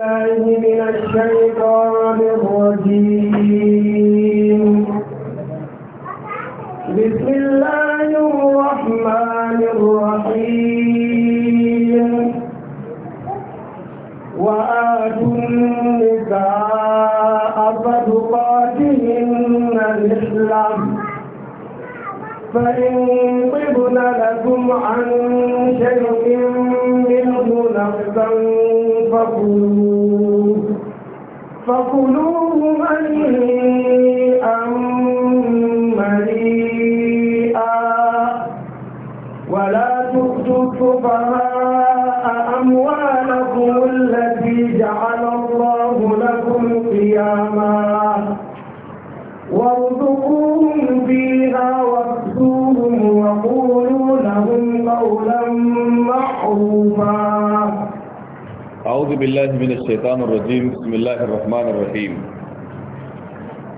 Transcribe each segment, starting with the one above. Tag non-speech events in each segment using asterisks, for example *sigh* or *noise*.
الله من الشيطان الرجيم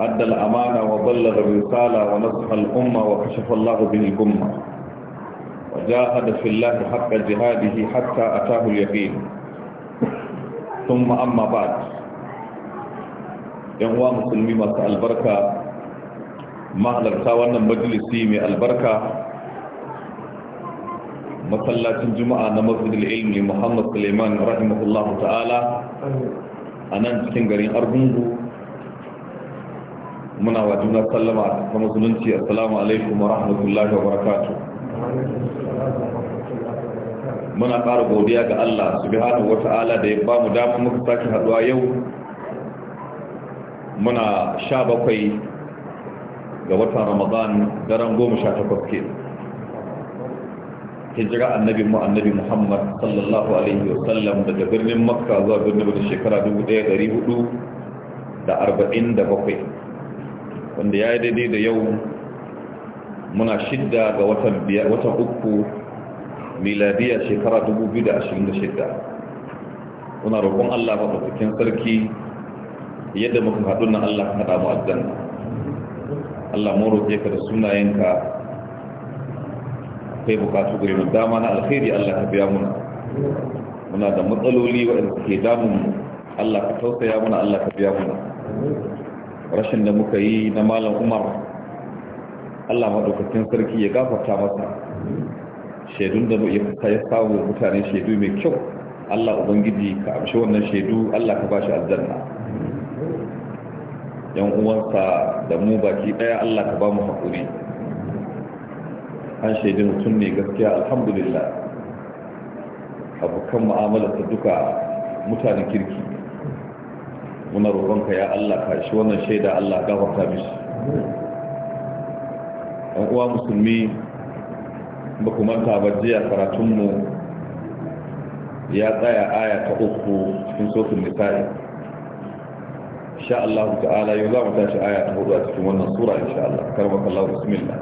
أدى الأمانة وبلغ الرسالة ونصح الأمة وكشف الله به الأمة وجاهد في الله حق جهاده حتى أتاه اليقين ثم أما بعد ينوى مسلمي مساء البركة مهلا ساوانا مجلسي من البركة مسلاة الجمعة نمسجد العلم لمحمد سليمان رحمه الله تعالى أنا cikin garin Argungu muna wa juna sallama ta musulunci assalamu alaikum wa rahmatullahi wa barakatuh muna ƙara godiya ga Allah subhanahu ta'ala da ya ba mu dama muka sake haɗuwa yau muna sha bakwai ga watan ramadan daren goma sha takwas ke hijira annabi mu annabi muhammad sallallahu alaihi wa sallam daga birnin makka zuwa birnin shekara dubu ɗaya da da arba'in bakwai. wanda ya yi daidai da yau muna shidda ga watan uku miladiyar shekara 2026 muna roƙon allah maɗaukakin sarki yadda muka haɗu na allah ka damu mu aljanna allah mu ka da sunayenka kai bukatu gari mu dama na alkhairi allah ka biya muna muna da matsaloli waɗanda ke damun allah ka tausaya muna allah ka biya muna rashin da muka yi na malam umar allah maɗaukacin sarki ya gafarta masa shaidun da ya samu mutane shaidu mai kyau allah ubangiji ka amshi wannan shaidu allah ka bashi aljanna yan uwansa da mu baki ɗaya allah ka ba mu haƙuri an shaidu mutum ne gaskiya alhamdulillah abokan mu'amalarsa duka mutanen kirki muna roƙonka ya Allah ka shi wannan shaida Allah gafarta mishi ɗan uwa musulmi ba ku manta ba jiya karatunmu ya tsaya aya ta uku cikin sofin nisa'i insha Allah ta'ala yau za mu tashi aya ta hudu a cikin wannan sura insha Allah karbaka Allah bismillah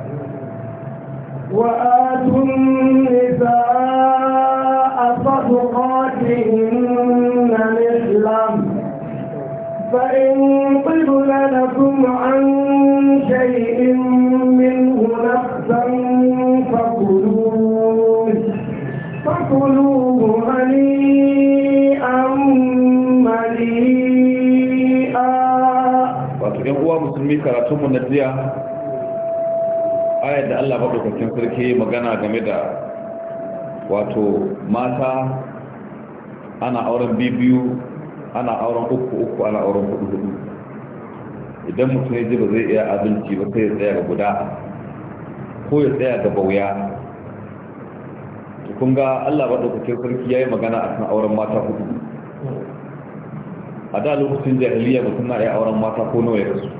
wa atun nisa'a فإن طبن لكم عن شيء منه نفسا فكلوه فكلوه هنيئا مليئا wato ‘yan uwa musulmi karatunmu na jiya ayat da Allah maɗaukakin sarki magana game da wato mata ana auren bibiyu ana auren uku uku ana auren hudu hudu idan mutum ya ji ba zai iya abinci ba sai ya tsaya ga guda ko ya tsaya ga bauya to kun ga Allah ba daukakin sarki yayi magana akan auren mata hudu a da lokacin jahiliya mutum na iya auren mata ko nawa ya rasu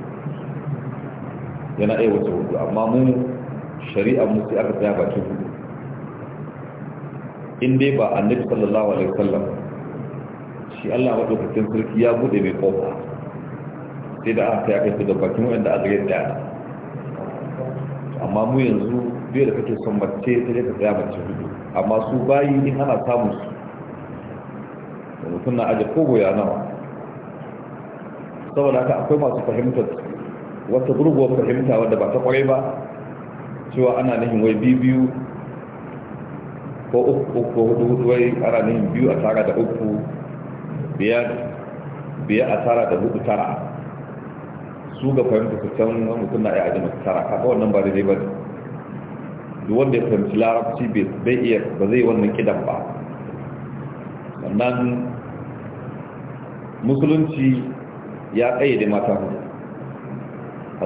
yana iya wata hudu amma mu shari'a mu sai aka tsaya bakin hudu in dai ba annabi sallallahu alaihi wasallam shi Allah maɗaukakin sarki ya buɗe mai ƙofa sai da aka kai su da bakin wanda a yi da amma mu yanzu biyar da kake son mace ta ka tsaya mace hudu amma su bayi ne ana samun su da mutum na aje ko goya nawa saboda haka akwai masu fahimtar wata gurguwar fahimta wadda ba ta kwarai ba cewa ana nihin wai biyu ko uku ko hudu hudu wai ana nihin biyu a tara da uku Biya a tara da hudu tara su ga fahimta su can mutum na iya ajiyar masu tara kaka wannan ba daidai ba duk wanda ya fahimci larabci bai iya ba zai wannan kidan ba sannan musulunci ya kayyade mata hudu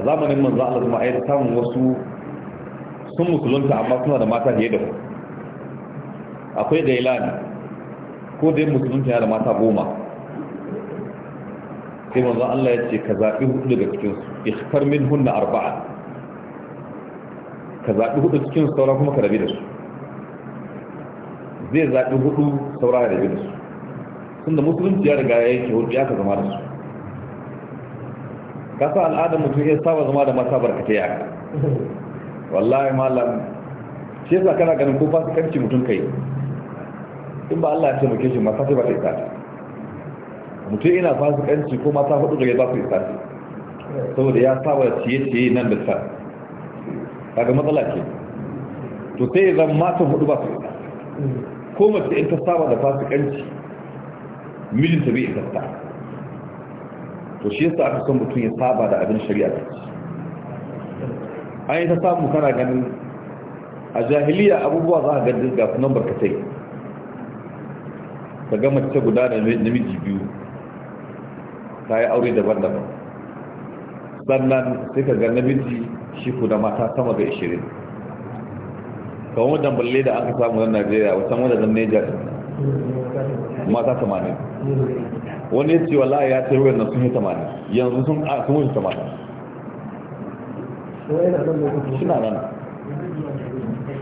a zamanin manzo Allah kuma ai samun wasu sun musulunta amma suna da mata fiye da akwai gailani ko da musulunta ya da mata goma sai manzo Allah ya ce ka zaɓi hudu daga cikin su ikhtar min hunna arba'a ka zaɓi hudu cikin saura kuma ka rabi da su zai zaɓi hudu saura ya rabi da su tunda musulunci ya riga ya yake hudu ya ka zama da su ka sa al'adar mutum ya saba zama da mata barkatai ya wallahi malam shi yasa kana ganin ko fasikanci mutum kai in ba Allah ya ce taimake shi ma sai ba ta mutum ina fasikanci ko mata hudu gare ba su isa saboda ya saba da ciye-ciye nan da sa daga matsala ke to sai ya zama matan hudu ba su isa ko mace in ta saba da fasikanci ta bai isa ta to shi yasa aka son mutum ya saba da abin shari'a ta ci an yi ta samu kana ganin a jahiliya abubuwa za a gandun ga sunan barkatai ka ga mace guda da namiji biyu ta yi aure daban-daban sannan sai ka ga namiji shi ku da mata sama da 20 kawon wajen balle da aka samu na najeriya wasan wajen zan neja mata 80 wani ya ce wala ya ce wurin sun yi 80 yanzu sun wuce 80 suna nan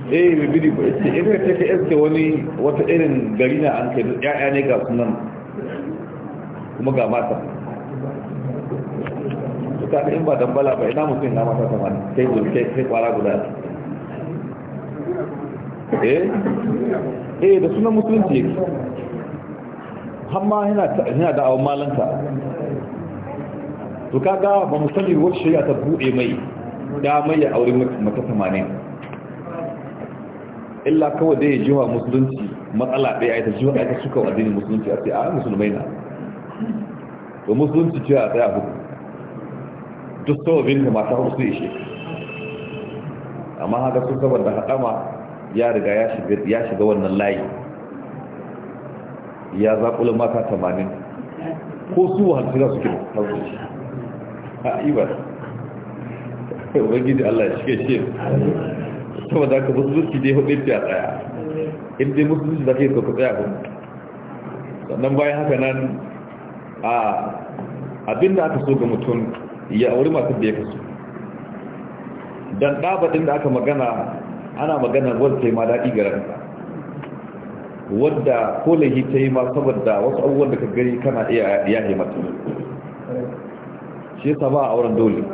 eh bibiri ba ce irin ta ka eske wani wata irin gari na an kai ya'ya ne ga sunan kuma ga mata kaga in ba dambala ba ina mutum na mata sama sai kai sai kwara guda eh eh da sunan musulunci yake hamma yana yana da awon malanta to kaga ba mu sani wacce shari'a ta bude mai da mai ya aure mata samanin illa kawai da ya jiwa musulunci matsala ɗaya a ta jiwa a ta suka wa addinin musulunci a ce a ah, musulmai na to musulunci ce a tsaya hukum duk sababin da mata hudu su ishe amma haka sun da haɗama ya riga ya shiga wannan layi ya zaƙula mata tamanin ko su wahalci za su kira hausu shi a ibar ubangiji allah ya shige shi da ka musulunci ne hudu ya tsaya inda dai musulunci za ka yi sauka tsaya kuma sannan bayan haka nan a abinda aka so ga mutum ya auri matar da ya kasu don ɗabaɗin da aka magana ana magana wadda ma daɗi ga ranta wadda ko lahi ta yi ma saboda wasu abubuwan da ka gari kana iya yahe mata shi yasa ba a auren dole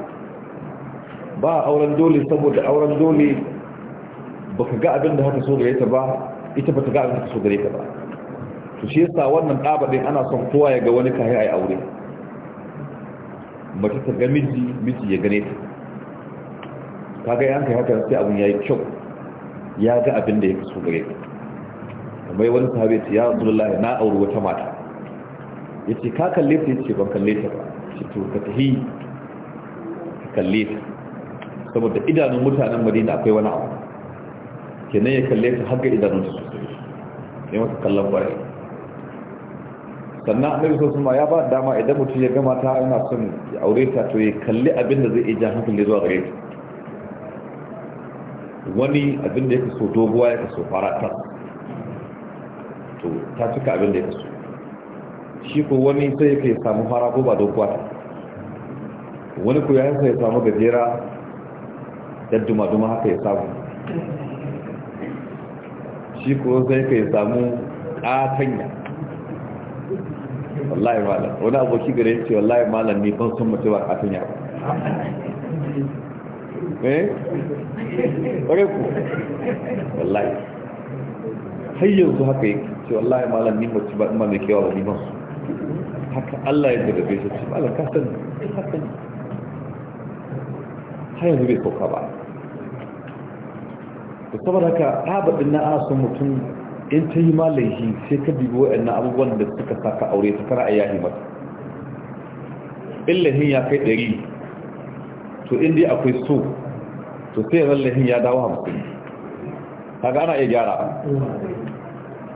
ba a auren dole saboda auren dole ba ka ga abin da haka so gare ta ba ita ba ta ga abin da haka so gare ta ba to shi yasa wannan ɗabaɗin ana son kowa ya ga wani kayan a yi aure mace ta ga miji miji ya gane ta kaga yan kai haka sai abun yayi kyau ya ga abin da yake so gare ta kamar wani sahabi ce ya Rasulullahi na auri wata mata yace ka kalle ta yace ban kalle ta ba ce to ka tahi ka kalle ta saboda idanun mutanen Madina akwai wani abu kenan ya kalle ta har ga idanun su sai wata kallon bare sannan annabi sallallahu ya ba dama idan mutum ya gama ta yana son ya aure ta to ya kalli abin da zai iya jan hankali zuwa gare ta wani abin da ya kaso doguwa ya kaso fara ta to ta cika abin da ya kaso shi ko wani sai ya kai samu fara ko ba doguwa ta wani ko yayin sai ya samu gajera da duma-duma haka ya samu shi ko sai ka ya samu katanya wallahi malam wani aboki gare ce wallahi malam ne ban san mutuwa a tun ba. eh ƙware ku wallahi har yanzu haka yake ce wallahi malam ni mutu ba ma mai kewa ba liman haka Allah ya daga bai shi malam ka san ka san har yanzu bai sauka ba da saboda haka abadin na asun mutum in ta yi malaihi sai ka bibi waɗannan abubuwan da suka saka aure ta kara a yahi mata illahin ya kai ɗari to in dai akwai so to sai ran lahin ya dawo hamsin kaga ana iya gyara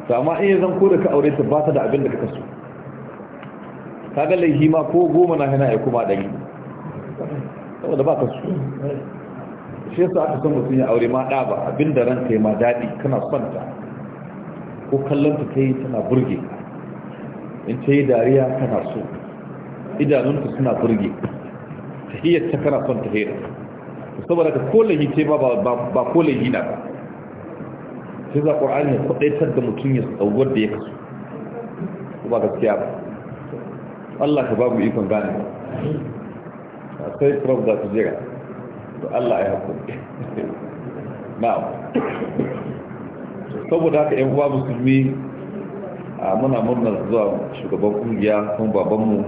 ta amma in zan ko da ka aure ta ba ta da abin da ka so ga laihi ma ko goma na hana ya kuma ɗari saboda ba ka so shi yasa aka san mutum ya aure ma ɗa ba abin da ranka ya ma daɗi kana son ta ko kallonta ta yi tana burge in ta yi dariya tana so idanunta suna burge ta hiyar ta kana son ta hira saboda ka kolin yi ce ba ba kolin yi na ba sai za ƙwar'ani ya kwaɗaitar da mutum ya tsawar da ya kasu ba gaskiya ba Allah ka babu ikon gane ba sai prof za su jira to Allah ya haƙo *laughs* na'am saboda haka yan uwa musulmi a muna murna zuwa shugaban kungiya kun babanmu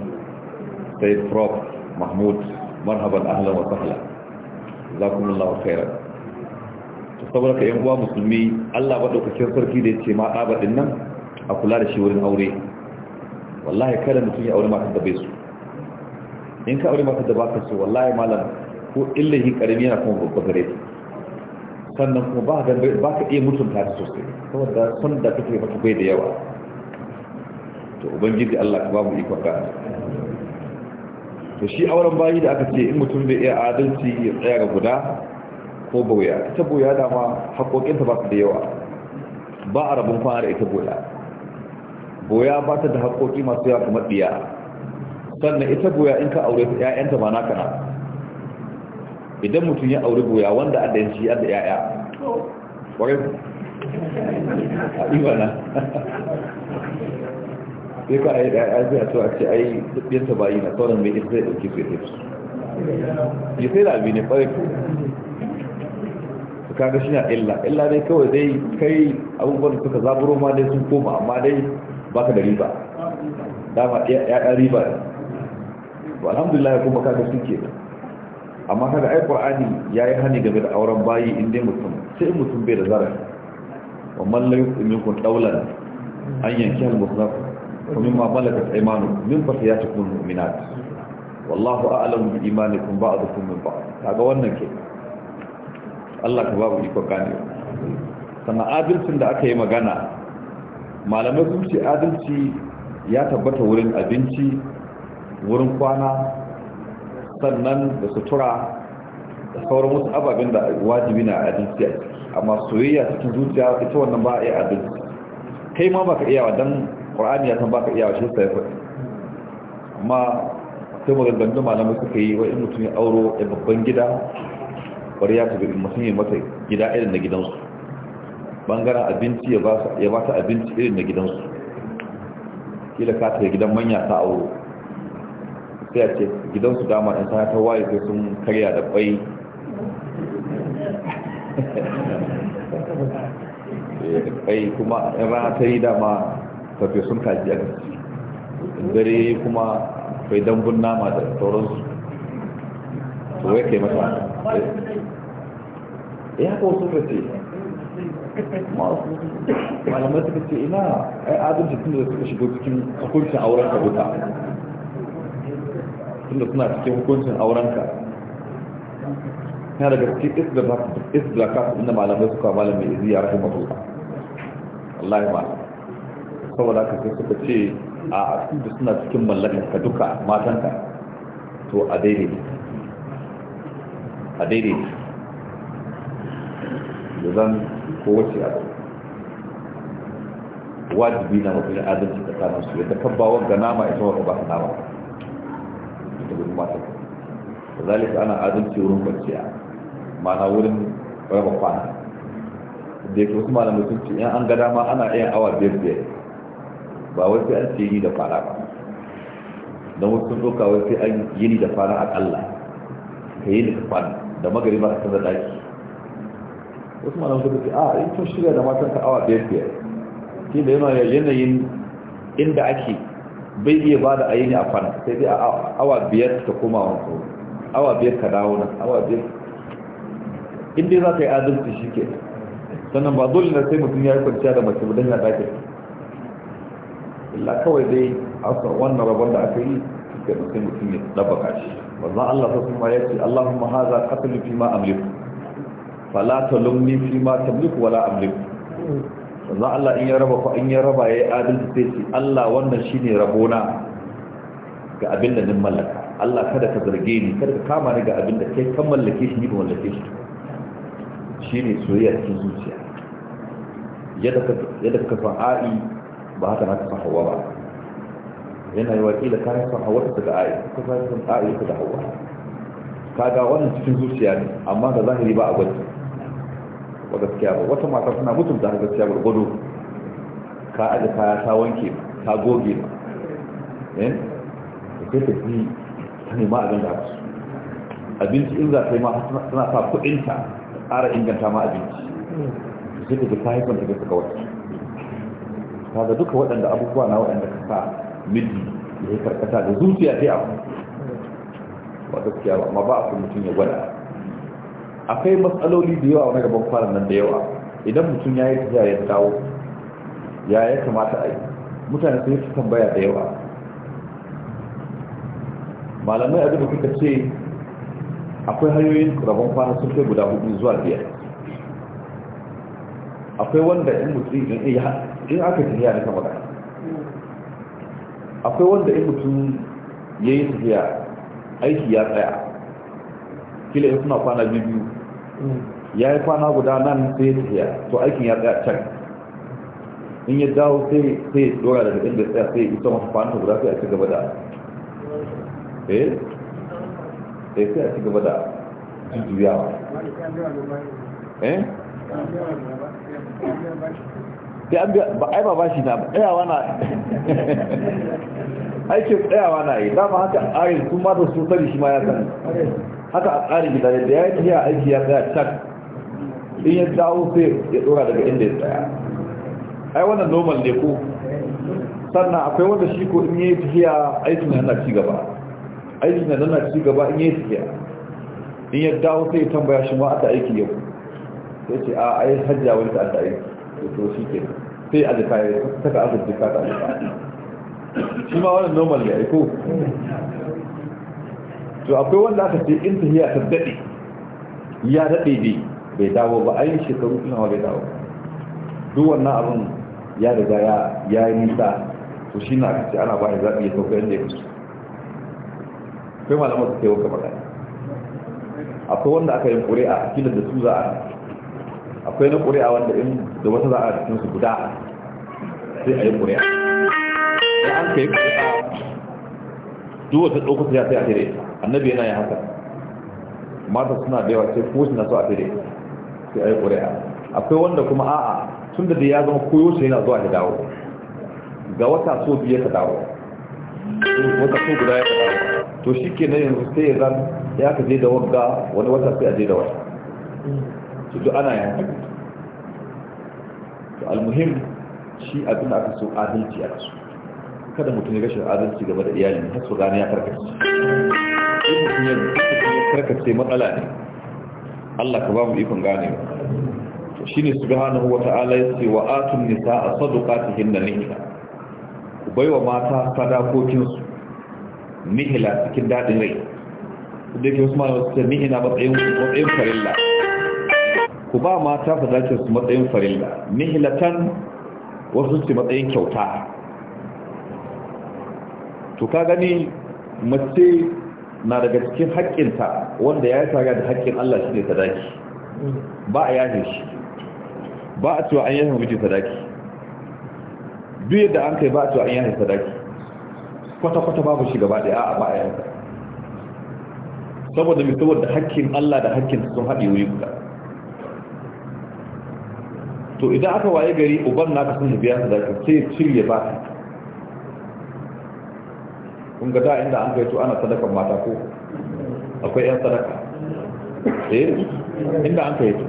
sai prof mahmud marhaban ahlan wa sahla ku khairan wa saboda haka yan uwa musulmi Allah ba daukakin sarki da ya ce ma ba din nan a kula da shi wurin aure wallahi kada mutum ya aure matar da bai so in ka aure matar da baka so wallahi malam ko illahi karami yana kuma babba gare su sannan kuma ba ka ba ka iya mutunta su sosai saboda sun da kake mata bai da yawa to ubangiji Allah ka babu iko ikon ga to shi auren bayi da aka ce in mutum bai iya adalci ya tsaya ga guda ko boya ita boya dama haƙoƙinta ba su da yawa ba a rabin kwana da ita boya boya ba ta da haƙoƙi masu yawa kamar diya sannan ita boya in ka aure ta 'ya'yanta ba naka na idan mutum ya auri goya wanda a da yin shi adda yaya ƙwarai a ibana sai ka ayi yaya zai a to a ce ai yanta bayi na sauran mai ita zai ɗauki su ya su. ya sai labi ne ƙwarai ko su kaga shi na illa illa dai kawai dai kai abubuwan suka zaburo ma dai sun koma amma dai baka da riba dama ya ɗan riba ba alhamdulillah kuma kaga sun ke amma kada ai qur'ani yayi hani game da auren bayi in dai mutum sai mutum bai da zarar. wa man la yu'minu qawlan an yankiha al-mutlaq wa mimma malakat imanu min fatiyatikum mu'minat wallahu a'lam bi imanikum ba'dukum min ba'd kaga wannan ke Allah ka babu iko kani sana adalcin da aka yi magana malamai sun ce adalci ya tabbata wurin abinci wurin kwana sannan da sutura da sauran wasu ababen da wajibi na adalci a amma soyayya cikin zuciya ita wannan ba a iya adalci kai ma baka iyawa don ƙwarani ya san baka iyawa shi sai fa amma sai maganganun malamai suka yi wa in mutum ya auro a babban gida bari ya tabi mutum ya mata gida irin na gidansu bangaren abinci ya ba ta abinci irin na gidansu kila ka ta gidan manya ta auro sai a ce gidansu dama ɗan sana ta waye sai sun karya da ɓai bai eh, kuma ɗan rana ta yi dama tafiye sun kaji a dare kuma bai dambun nama da sauransu to wai kai mata ya kawo suka ce malamai suka ce ina ai adalci tun da suka shigo cikin hukuncin auren kabuta tunda suna cikin hukuncin aurenka yana daga cikin isdrakat inda malamai suka malamai iziya rahim matulka Allah ya malam saboda ka sai suka ce a da suna cikin mallakanka duka matanka to a daidai a daidai da zan kowace a wajibi na mafi adalci tsakaninsu ya yadda kabbawar ga nama ita wanda ba ta nama da wurin matan da zalika ana adalci wurin kwanciya mana wurin raba kwana da yake wasu malamai sun ce in an ga dama ana iya awa biyar biyar ba wai sai an ce yini da fara ba don wasu sun ɗauka wai sai an ni da fara aƙalla ka yi da kwana da magariba a da daki wasu malamai sun ce a in tun shirya da matan ka awa biyar biyar shi da yana yanayin inda ake bai iya ba da aini a fana sai dai awa biyar ka koma wanko awa biyar ka dawo nan awa biyar inda za ka yi adalci shi ke sannan ba dole na sai mutum ya yi kwanciya da mace budan ya dakin illa kawai dai asa wannan rabon da aka yi ga sai mutum ya ɗabbaka shi wanzan allah ta suma ya ce allahumma haza qatlu fi ma amliku fala talumni fi ma tamliku wala amliku manzon Allah in ya raba ko in ya raba yayi adalci sai ce Allah wannan shine rabona ga abin da nin mallaka Allah kada ka zarge ni kada ka kama ni ga abin da kai kan mallake shi ni ba mallake shi shine soyayya cikin zuciya yadda ka san ai ba haka na ka san hawa ba yana yi wakila ka san hawa ta daga ai ka san ai ta da hawa kaga wannan cikin zuciya ne amma da zahiri ba a gwaji ba gaskiya ba wata mata suna mutunta har gaskiya gwargwado ka aji kaya ta wanke ta goge ba eh sai ta fi ta nema a ganda su abinci in za ta yi ma suna sa kuɗinta ta ƙara inganta ma abinci sai ta ji ta haifar ta ga wata ta ga duka waɗanda abubuwa na waɗanda ka sa miji ya yi karkata da zuciya ta yi abu ba gaskiya ba amma ba a kuma mutum ya gwada akwai matsaloli da yawa wani gaban kwanan nan da yawa idan mutum ya yi tafiya ya dawo ya ya kamata a yi mutane sun yi su tambaya da yawa malamai abin da kuka ce akwai hanyoyin rabon kwana sun kai guda hudu zuwa biyar akwai wanda in mutum in aka tafiya na kama akwai wanda in mutum ya yi tafiya aiki ya tsaya kila in suna kwana biyu ya yi kwana guda nan sai tafiya to aikin ya tsaya can in ya dawo sai sai dora daga inda tsaya sai ita masu kwanan guda sai a ci gaba da eh eh sai a ci gaba da jujjuyawa eh sai an ba ai ba bashi na tsayawa na *laughs* aikin tsayawa na yi dama haka arin sun mata sun sani shi ma ya sani haka a tsarin gida da ya yi a aiki ya tsaya tak in ya dawo sai ya tsora daga inda ya tsaya ai wannan normal ne ko sannan akwai wanda shi ko in yi tafiya aikin yana ci gaba aikin yana ci gaba in yi tafiya in ya dawo sai ya tambaya shi ma aka aiki yau sai ce a ai hajjia wani ta aka aiki da to shi ke sai a jika ya saka aka jika ta shi ma wannan normal ne ko to akwai wanda aka ce in tahiya ta daɗe ya daɗe ne bai dawo ba ayin shekaru suna wa bai dawo duk wannan abin ya daga ya yi nisa to shi na kace ana ba ni zaɓi ya sauka yadda ya kusa akwai malamar su ke kamar ɗaya akwai wanda aka yi ƙuri'a a kila da su za a akwai na ƙuri'a wanda in da wata za a cikin su guda sai a yi ƙuri'a sai an ka yi ƙuri'a duk wata ɗaukar ya sai a tere annabi yana yin haka mata suna da yawa sai ko suna so a tere sai a yi ƙuri'a akwai wanda kuma a'a tun da ya zama koyo shi yana zuwa da dawo ga wata so biya ta dawo wata so guda ya ta dawo to shi ke na yanzu sai ya zan ya ka je da wagga wani wata sai a je da wata to duk ana yin haka to almuhim shi abin da aka so adalci a kasu kada mutum ya rashin adalci game da iyali har su gane ya karkace in mutum ya karkace matsala ne Allah ka ba mu ikon gane to shine subhanahu wata'ala yace wa atun nisaa sadaqatihinna nikah ku baiwa mata sadakokin su mihla cikin dadin rai da ke Usman wasu mihina matsayin matsayin farilla ku ba mata sadakin su matsayin farilla mihlatan wasu su matsayin kyauta to ka gani mace na daga cikin haƙƙinta wanda ya yi tsaga da haƙƙin Allah shi ne sadaki ba a yashe shi ba a cewa an yahe miji sadaki duk yadda an kai ba a cewa an yahe sadaki kwata-kwata babu shi gaba ɗaya a ba a yashe saboda mai saboda haƙƙin Allah da haƙƙin sun haɗe wuri kuka to idan aka waye gari uban naka sun biya sadaki sai cire ba kun ga da inda an gaito ana sadaka mata ko akwai yan sadaka eh inda an gaito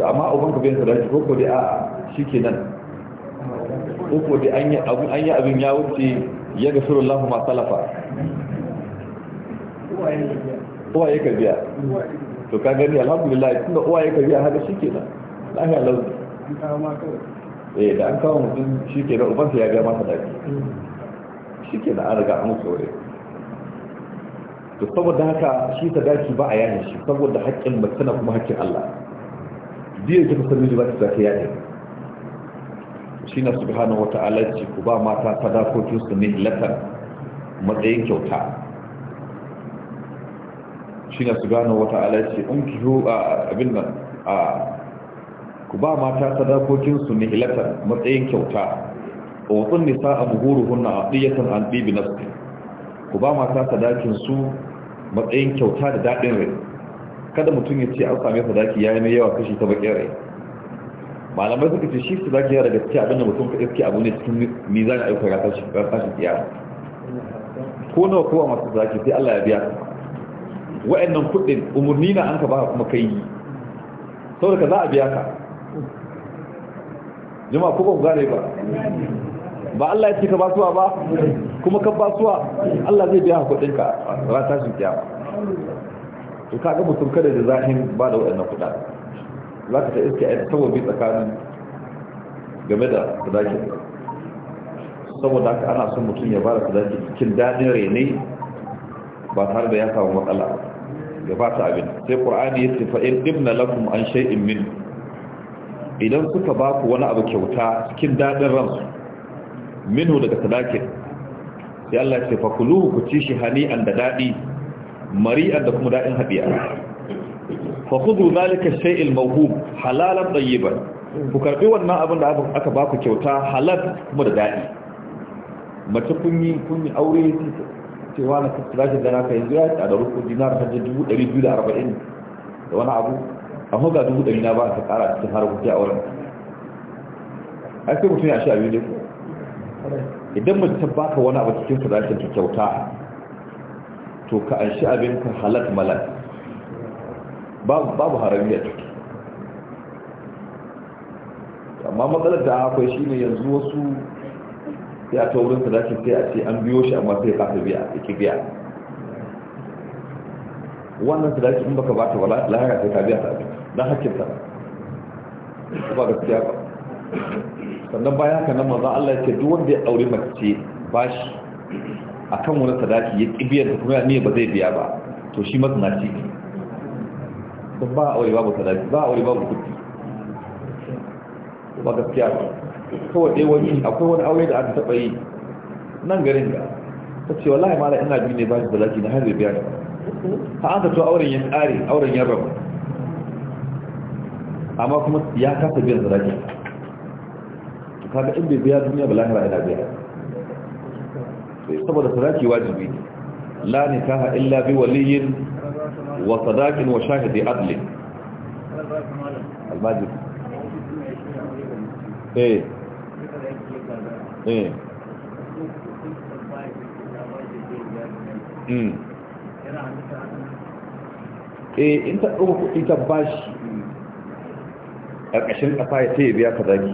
da amma uban ka bai sadaki ko ko dai a shikenan ko ko dai an yi abin an yi ya wuce ya gafuru Allah ma salafa uwaye ka biya to ka gani alhamdulillah tunda uwa ka biya haka shikenan lafiya lau eh da an kawo mutum shikenan uban sa ya ga masa daki mm. shi ke da an riga an tsore to saboda haka shi ta daki ba a yanin shi saboda haƙƙin mace na kuma haƙƙin Allah biyar ta kusa miji ba ta zafi yaƙin shi na su wa wata alaji ku ba mata sadakokin su ne latar matsayin kyauta shi na su wa wata alaji in ki abin nan ku ba mata sadakokin su ne latar matsayin kyauta wa kun nisa a buhuruhunna a ɗiyatan an ɗibi nafsi ku ba mata sadakin su matsayin kyauta da daɗin rai kada mutum ya ce an sami sadaki ya yi mai yawa kashi ta baƙin rai malamai suka ce shi sadaki ya daga gaske abin da mutum ka iske abu ne cikin mizanin ayyukan rasashin kiyama ko nawa kowa masu sadaki sai allah ya biya wa'annan kuɗin umarni na an ka ba kuma kai saboda ka za a biya ka jama'a ko ba ku gane ba ba Allah ya ce ka basuwa ba kuma ka basuwa Allah zai biya kuɗin ka ta shi kiyama to kaga mutum kada da zahin ba da wadannan kuɗa za ka ta iske a bi tsakanin game da sadaki saboda haka ana son mutum ya bada sadaki cikin daɗin rene ba tare da ya samu matsala ta abin sai ƙur'ani ya ce in ɗibna lakum an shay'in min idan suka ba ku wani abu kyauta cikin daɗin ransu minhu daga sadakin sai Allah ce kuluhu ku ci shi hani'an da dadi mari'an da kuma daɗin haɗiya khudhu zalika shay'il mawhub halalan tayyiban ku karbi wannan abin da aka ba ku kyauta halal kuma da dadi mace kun yi kun yi aure cewa na kastrashi da naka yanzu ya tsada ruku dinar hajji dubu ɗari biyu da arba'in da wani abu an hoga dubu ɗari na ba ka ƙara cikin har hujja a wurin ai sai mutum ya shi biyu ne ku idan mace ta baka wani abu cikin sadashin ta kyauta to ka an shi abin ka halat malak babu harami a ciki amma matsalar da akwai shi ne yanzu wasu ya ta wurin sadashin sai a ce an biyo shi amma sai ka biya a ciki biya wannan sadashin in baka bata wala lahara sai ka biya ta abin na hakkinta ba ga siya ba sannan baya ka nan manzo Allah yake duk wanda ya aure mace bashi akan wani sadaki ya kibiyar da kuma ne ba zai biya ba to shi mazna ce don ba aure babu sadaki ba aure babu kuɗi ba gaskiya ba kawai dai wani akwai wani aure da aka taɓa yi nan garin ga ta ce wallahi mala ina biyu ne bashi sadaki na har zai biya ba ta an zato auren ya tsare auren ya rabu amma kuma ya kasa biyan sadaki kada inda biya duniya ba lahira ina biya saboda sadaki wajibi ne la nikaha illa bi waliyin wa sadaqin wa shahidi adlin almajid eh eh mm eh in ta ɗauka kuɗi ta bashi ƙarƙashin ƙasa ya ce biya ka zaki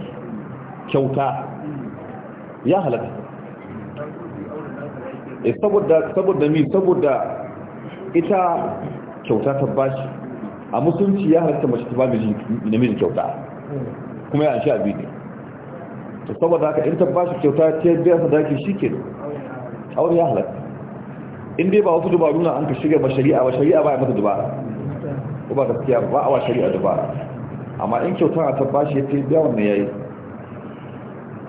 kyauta ya halatta e saboda saboda mi saboda ita kyauta ta bashi a musulunci ya halatta mace ta ba namiji kyauta kuma ya shi abin to saboda haka in ta bashi kyauta ta biya sadaki shike aure ya halatta in dai ba wasu dubaru na an ka shiga ba shari'a ba shari'a ba ya mata dubara ko ba gaskiya ba a wa shari'a dubara amma in kyauta ta bashi ya ta biya wannan yayi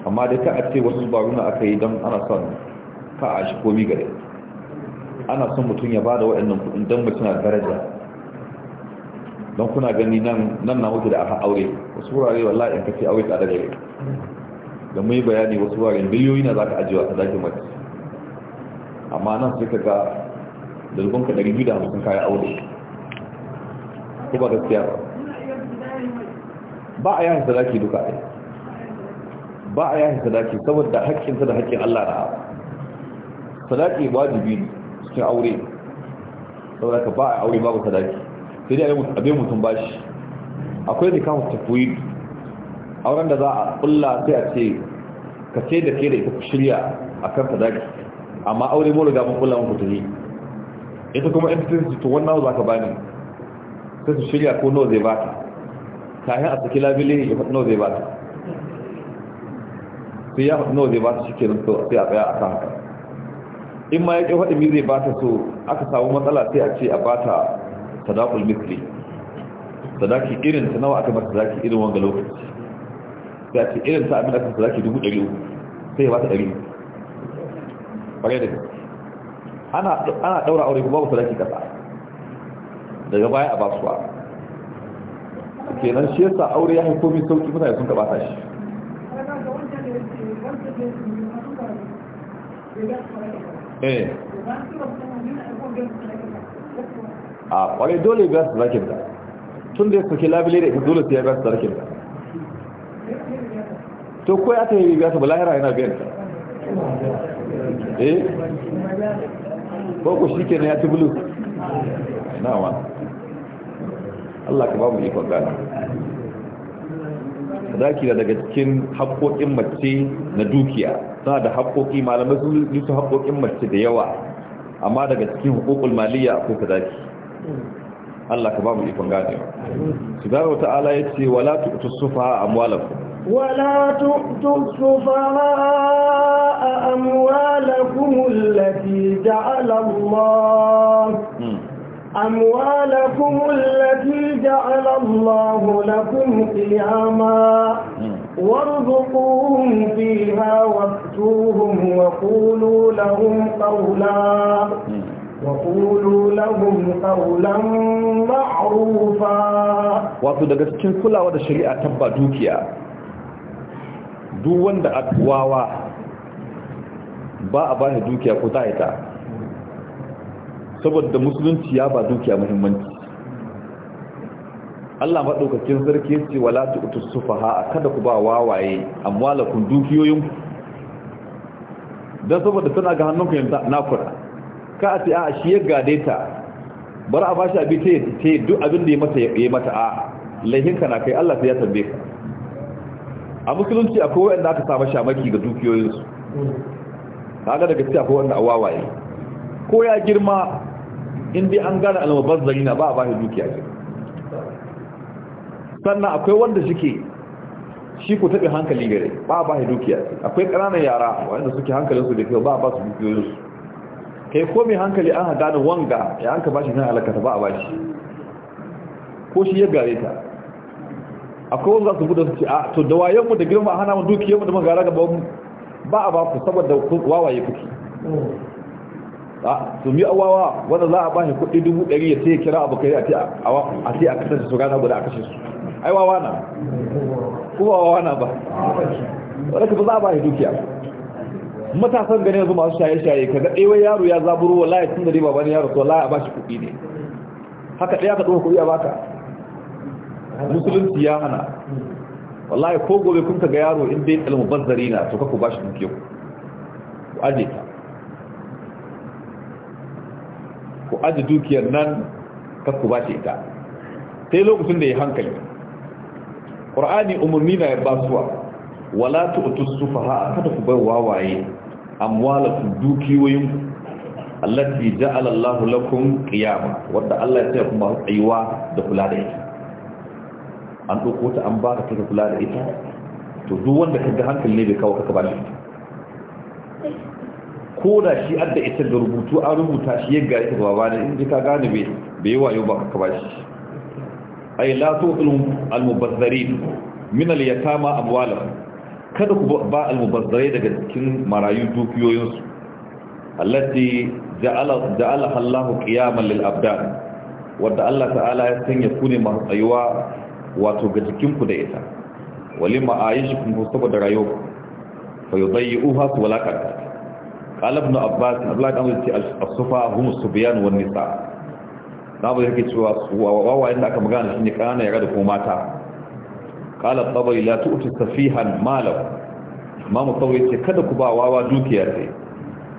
amma da ka a ce wasu baruna aka yi don ana son ka a shi komi gare ana son mutum ya ba da waɗannan kuɗin don mutum na daraja don kuna gani nan na mutu da aka aure wasu wurare wala in ka ce aure tsada gare da mai yi bayani wasu wurare miliyoyi na za ka ajiyewa ta zafi mace amma nan sai ka ga da rubunka hamsin kayan aure ko ba gaskiya ba ba a yahin sadaki duka ɗaya ba a yahi sadaki saboda haƙƙinsa da haƙƙin Allah na sadaki wajibi ne cikin aure saboda ka ba a aure babu sadaki sai dai abin mutum ba shi akwai da kamun tafiye auren da za a ƙulla sai a ce ka ce da ke da ita ku shirya a kan sadaki amma aure mola gaban ƙulla mun kuturi ita kuma yan fitin su wannan za ka bani sai su shirya ko nawa zai ba ta kayan a saki labile ya faɗi nawa zai ba ta sai ya faɗi nawa zai ba ta shi kenan so sai a tsaya a kan in ma ya ƙi faɗi zai ba ta so aka samu matsala sai a ce a ba ta sadakul misli sadaki irin ta nawa aka mata sadaki irin wanga lokaci sai a ce irin ta abin aka sadaki dubu ɗari sai ya ba ta ɗari ƙwarai da ana ɗaura aure kuma ba sadaki kasa. daga baya a basuwa kenan shi yasa aure ya haifo min sauƙi mutane sun taɓa ta shi eh a kwarai dole biya su zarkin da tun da ya suke labile da ita dole su ya biya su zarkin da to ko ya ta yi biya su ba lahira yana biyan ta eh ko ku shi na ya ci bulu wa Allah ka ba mu ikon gana sadaki da daga cikin haƙoƙin mace na dukiya suna da haƙoƙi malamai sun yi su haƙoƙin mace da yawa amma daga cikin hukukul maliyya akwai zaki Allah ka ba mu ikon gane subhanahu ya ce wala sufa a amwalakum wala sufa a amwalakum allati ja'ala Allah hmm. أموالكم التي جعل الله لكم قياما وارزقوهم فيها وافتوهم وقولوا لهم قولا وقولوا لهم قولا معروفا wato daga cikin kulawa da shari'a tabba dukiya duk wanda atwawa ba a bani dukiya ko ta ita saboda musulunci ya ba dukiya muhimmanci Allah maɗaukakin sarki ce wala tu'tu sufaha kada ku ba wawaye amwalakum dukiyoyin dan saboda tana ga hannunku yanzu na kura ka a ce a shi ya gade ta bar a bashi abi ta yi duk abin da ya mata ya mata a laihinka na kai Allah sai ya tambaye ka a musulunci akwai wanda aka samu shamaki ga dukiyoyinsu kaga daga cikin akwai wanda a wawaye ko ya girma in dai an gane almubazzari na ba a bashi dukiya ce sannan akwai wanda suke shi ku taɓe hankali gare ba a bashi dukiya ce akwai ƙananan yara wanda suke hankalinsu da kyau ba a ba su dukiyoyinsu kai ko mai hankali an gane wanga ya an ka bashi nan alakata ba a bashi ko shi ya gare ta akwai wanda za su buɗe su ce a to da wayanmu da girma hana mu dukiyarmu da magara gaba ba a ba ku saboda wawaye kuke a su mi awawa wanda za a ba shi kuɗi dubu ɗari ya ce kira abu kai a ce a kasance su gana guda a kashe su ai wawa na kuma wawa na ba wadda ka za a ba shi dukiya matasan gane yanzu masu shaye-shaye ka ga wai yaro ya zaburo wallahi tun da riba bane yaro to wallahi a ba shi kuɗi ne haka ɗaya ka ɗauka kuɗi a baka musulunci ya hana wallahi ko gobe kun ka ga yaro in dai almubazzari na to ka ku ba shi dukiya ku aje ta aji dukiyar nan kakku ba shi ita sai lokacin da ya hankali Al-Qur'ani umarni na ya basuwa wala tu'tu sufaha kada ku bai wawaye amwalakum dukiyoyin allati ja'ala Allahu lakum qiyama wanda Allah ya ce kuma tsayuwa da kula da ita an dauko ta an baka ka kula da ita to duk wanda kaga hankali ne bai kawo kaka ba ne? ko da shi adda ita da rubutu an rubuta shi yadda ita ba ba in ji ka gane bai bai wayo ba ka bashi ay la tu'lu al-mubazzarin min al-yatama amwalahum kada ku ba al daga cikin marayu dukiyoyinsu allati ja'ala ja'ala Allahu qiyaman lil abdan wanda Allah ta'ala ya sanya ku ne masu tsayuwa wato ga jikinku da ita walima aishukum saboda rayuwa fa yudayyi'uha wa laqad Abbas قال ابن عباس الله sufa يقول الصفا هم الصبيان والنساء نابو yake cewa wawa inda aka magana shi ne kana ya ga da ko mata qala at-tabari la tu'ti safihan malahu imam at-tabari yace kada ku ba wawa dukiya sai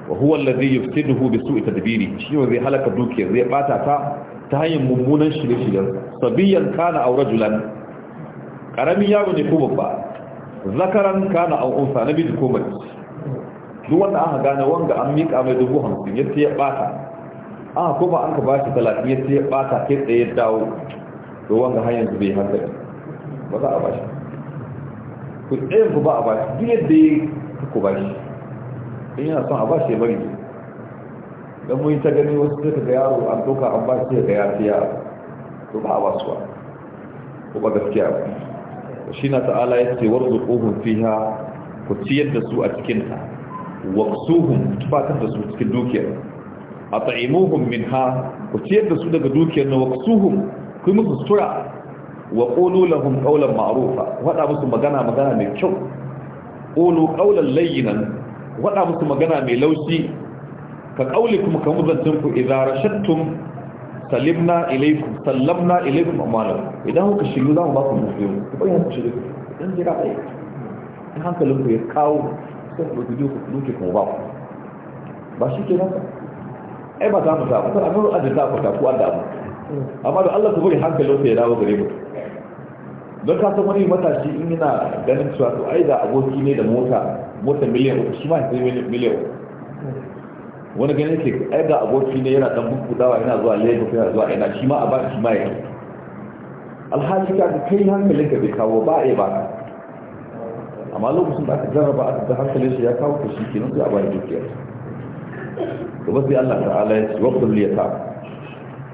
wa huwa alladhi yufsiduhu bi su'i tadbiri shi wa zai halaka dukiya zai bata ta ta hanyar mummunan shirye-shiryen sabiyan kana aw rajulan karamin yaro ne ko babba zakaran kana aw unsa nabi ko mace duk wanda aka gane wanga an miƙa mai dubu hamsin ya ya bata aka kuma an ka bashi talatin ya ya bata kai tsaye dawo to wanga har yanzu bai hankali ba za a bashi ku tsayin ku ba a bashi duk yadda ya ku bashi in yana son a bashi ya bari don mun yi ta gani wasu sai ka ga yaro an doka an ba shi ga ya to ba a basuwa ko ba gaskiya ba shi na ta'ala ya ce warzuquhum fiha ku ciyar da su a cikinta. waqsuhum tufatar da su cikin dukiyar at'imuhum minha ku ciyar da su daga dukiyar na waqsuhum ku musu sutura wa qulu lahum qawlan ma'rufa wada musu magana magana mai kyau qulu qawlan layyinan wada musu magana mai laushi ka kuma qaulikum kamuzantum ku idza rashadtum salimna ilaykum sallamna ilaykum amalakum idan kuka shiru za mu ba ku musu ku bayyana ku shiru dan jira dai ku ya kawo kuka ɗauki duke kuma ba ku ba shi ke nasa ai ba za mu ta kuka abin da ta kuka ku an damu amma da Allah ku bari hankali sa ya dawo gare mu don ka san wani matashi in yana ganin cewa to ai da aboki ne da mota mota miliyan uku shi ma ya sai miliyan uku wani ganin ke ai da aboki ne yana dan bubbudawa yana zuwa Lagos yana zuwa ina shi ma a ba shi ma ya alhali ka kai hankalinka bai kawo ba a yi ba ka amma lokacin da aka jarraba aka ga shi ya kawo ta shi sai a bayan dukiyar gaba sai Allah ta'ala ya ci wa kulliya ta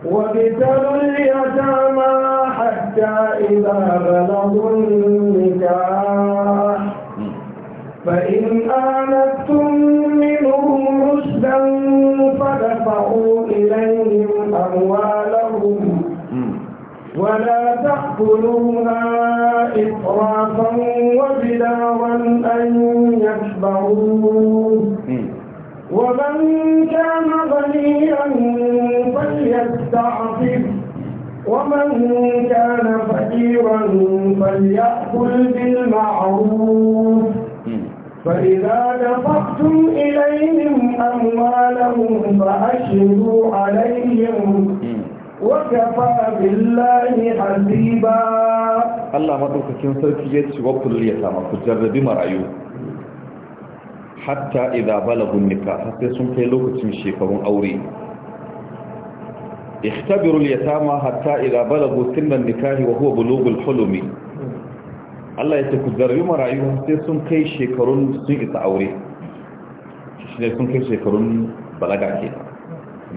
wa bi tarliya ta ma hatta idza balagun nikah فإن آنستم منهم رشدا فدفعوا إليهم أموالهم ولا تأكلوها إطرافا وبدارا أن يكبروا ومن كان غنيا فليستعفف ومن كان فقيرا فليأكل بالمعروف فإذا دفعتم إليهم أموالهم فأشهدوا عليهم وكفى بالله حسيبا الله مدوكين سركي يتي وكل يتامى كجرب مرايو حتى إذا بلغوا النكاح حتى سنكي لوكتين شيكرون أوري اختبروا اليتامى حتى إذا بلغوا سن النكاح وهو بلوغ الحلم الله يتي كجرب مرايو حتى سنكي شيكرون سنكي تأوري شنو سنكي شيكرون بلغا كده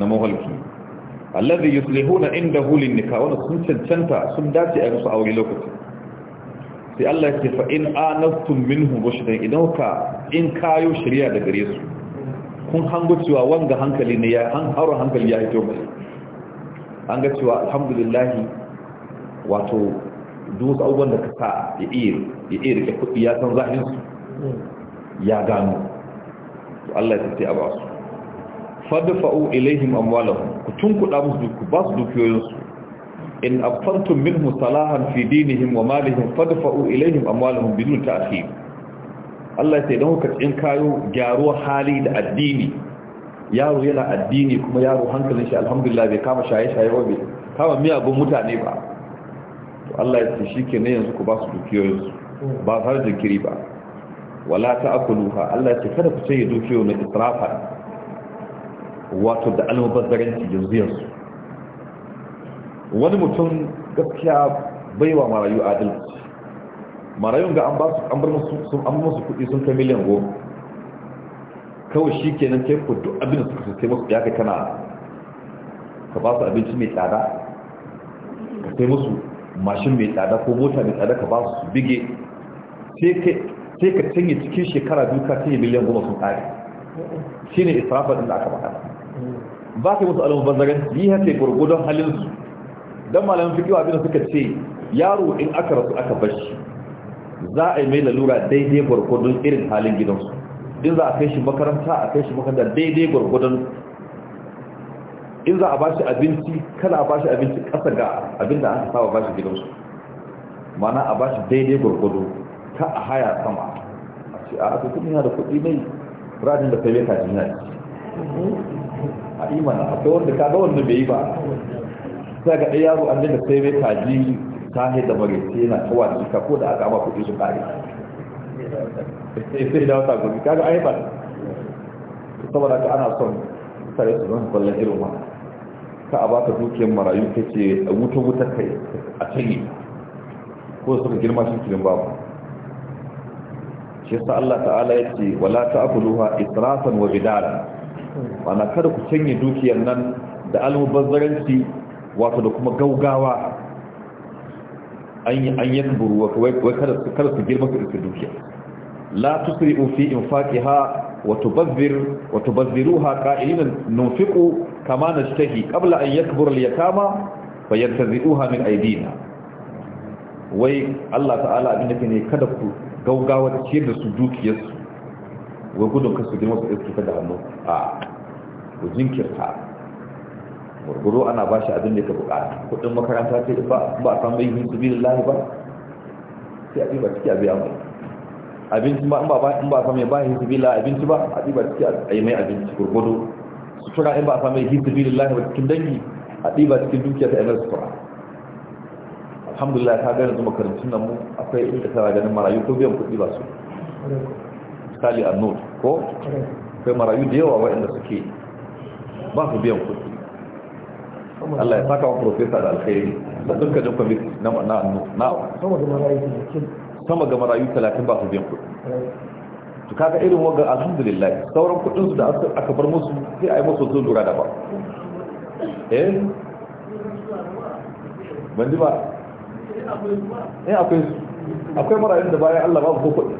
نمو هلكي allazi yuslihuna indahu lin nikah wa sun cancanta sun dace a su aure lokaci sai Allah ya fa in anastum minhu rushdan idan ka in kayo shari'a da gare su kun hango cewa wanga hankali ne ya han hauro hankali ya hito mai an ga cewa alhamdulillah wato duk abubuwan da ka sa ya iya ya iya rike kuɗi ya san zahirin su ya gano to Allah ya tafi a ba su fadfa'u ilaihim amwalahum ku tunkuda musu ku ba dukiyoyinsu in afartum minhum salahan fi dinihim wa malihim fadfa'u ilaihim amwalahum bidun ta'khir Allah sai dan kuka tsin kayo gyaruwa hali da addini yaro yana addini kuma yaro hankalin shi alhamdulillah bai kama shaye-shaye ba bai kama miyagun mutane ba to Allah ya ce shikenan yanzu ku ba su dukiyoyinsu ba har jinkiri ba wala ta'kuluha Allah ya ce kada ku ce dukiyoyin israfa wato da almubazzaranci yanzu yanzu wani mutum gaskiya baiwa marayu adalci marayun ga an ba su an bar musu sun kuɗi sun kai miliyan goma kawai shi kenan nan ku duk abin su suka sai musu ya kai kana ka ba su abinci mai tsada ka sai musu mashin mai tsada ko mota mai tsada ka ba su bige sai ka canye cikin shekara duka sai miliyan goma sun tsari shi ne israfa ɗin da aka magana ba ka musu alamun banzaran yi hake gurgudon halinsu don malamin fikiyo abin suka ce yaro in aka rasu aka bashi za a yi mai lalura daidai gurgudon irin halin gidansu in za a kai shi makaranta a kai shi makaranta daidai gurgudon in za a ba shi abinci kada a ba shi abinci ƙasa ga abinda aka saba ba shi gidansu mana a ba shi daidai gurgudu ta a haya sama a ce a aka kuma yana da kuɗi mai radin da kai mai kajin yana a imana akwai wanda kaga wanda bai yi ba sai ga ɗaya yaro an da sai mai kaji kahe da marece na ta wani ka ko da aka ama kuɗi su kare sai da wata gobe kaga ai ba saboda ka ana son sare su zan kwallon irin ma ka a baka dukiyar marayu ka ce wuta wuta kai a canye ko suka girma shi kirin babu shi yasa Allah ta'ala ya ce wala ta'kuluha israfan wa bidalan wana kada ku canye dukiyar nan da almubazzaranci wato da kuma gaugawa an yi buru wai kada su girma su iska dukiyar la tusri'u in faƙi ha wato wa tubazziruha qa'ilinan nunfiqu kama na nashtahi ƙabla an yi ya kama, bayan ta yatama fayantazi'uha min aydina wai Allah ta'ala abin da ne kada ku gaugawa ciyar da su dukiyarsu wai gudun kasu girma su iske ka da hannu a ku jinkirta gurguru ana ba shi abin da ka buƙata. kudin makaranta ce ba a san bai yi su da lahi ba sai a ɗiba ciki a biya mai abinci ba in ba a san mai ba yi su biyu lahi abinci ba a ɗiba ciki a yi mai abinci su tura in ba a san mai yi su da lahi ba cikin dangi a ɗiba cikin dukiya ta yanar sutura alhamdulillah ta gani zuma karantun nan mu akwai inda tana ganin marayu ko biyan kuɗi ba su misali a nur ko kai marayu da yawa waɗanda suke ba su biyan kudi Allah ya saka wa profesa da alkhairi da dukkan jin kwamiti na na sama ga marayu 30 ba su biyan kudi to kaga irin waga alhamdulillah sauran kudin su da aka bar musu sai a yi musu zuwa lura da ba eh ban ji ba eh akwai akwai marayun da bayan Allah ba ku kudi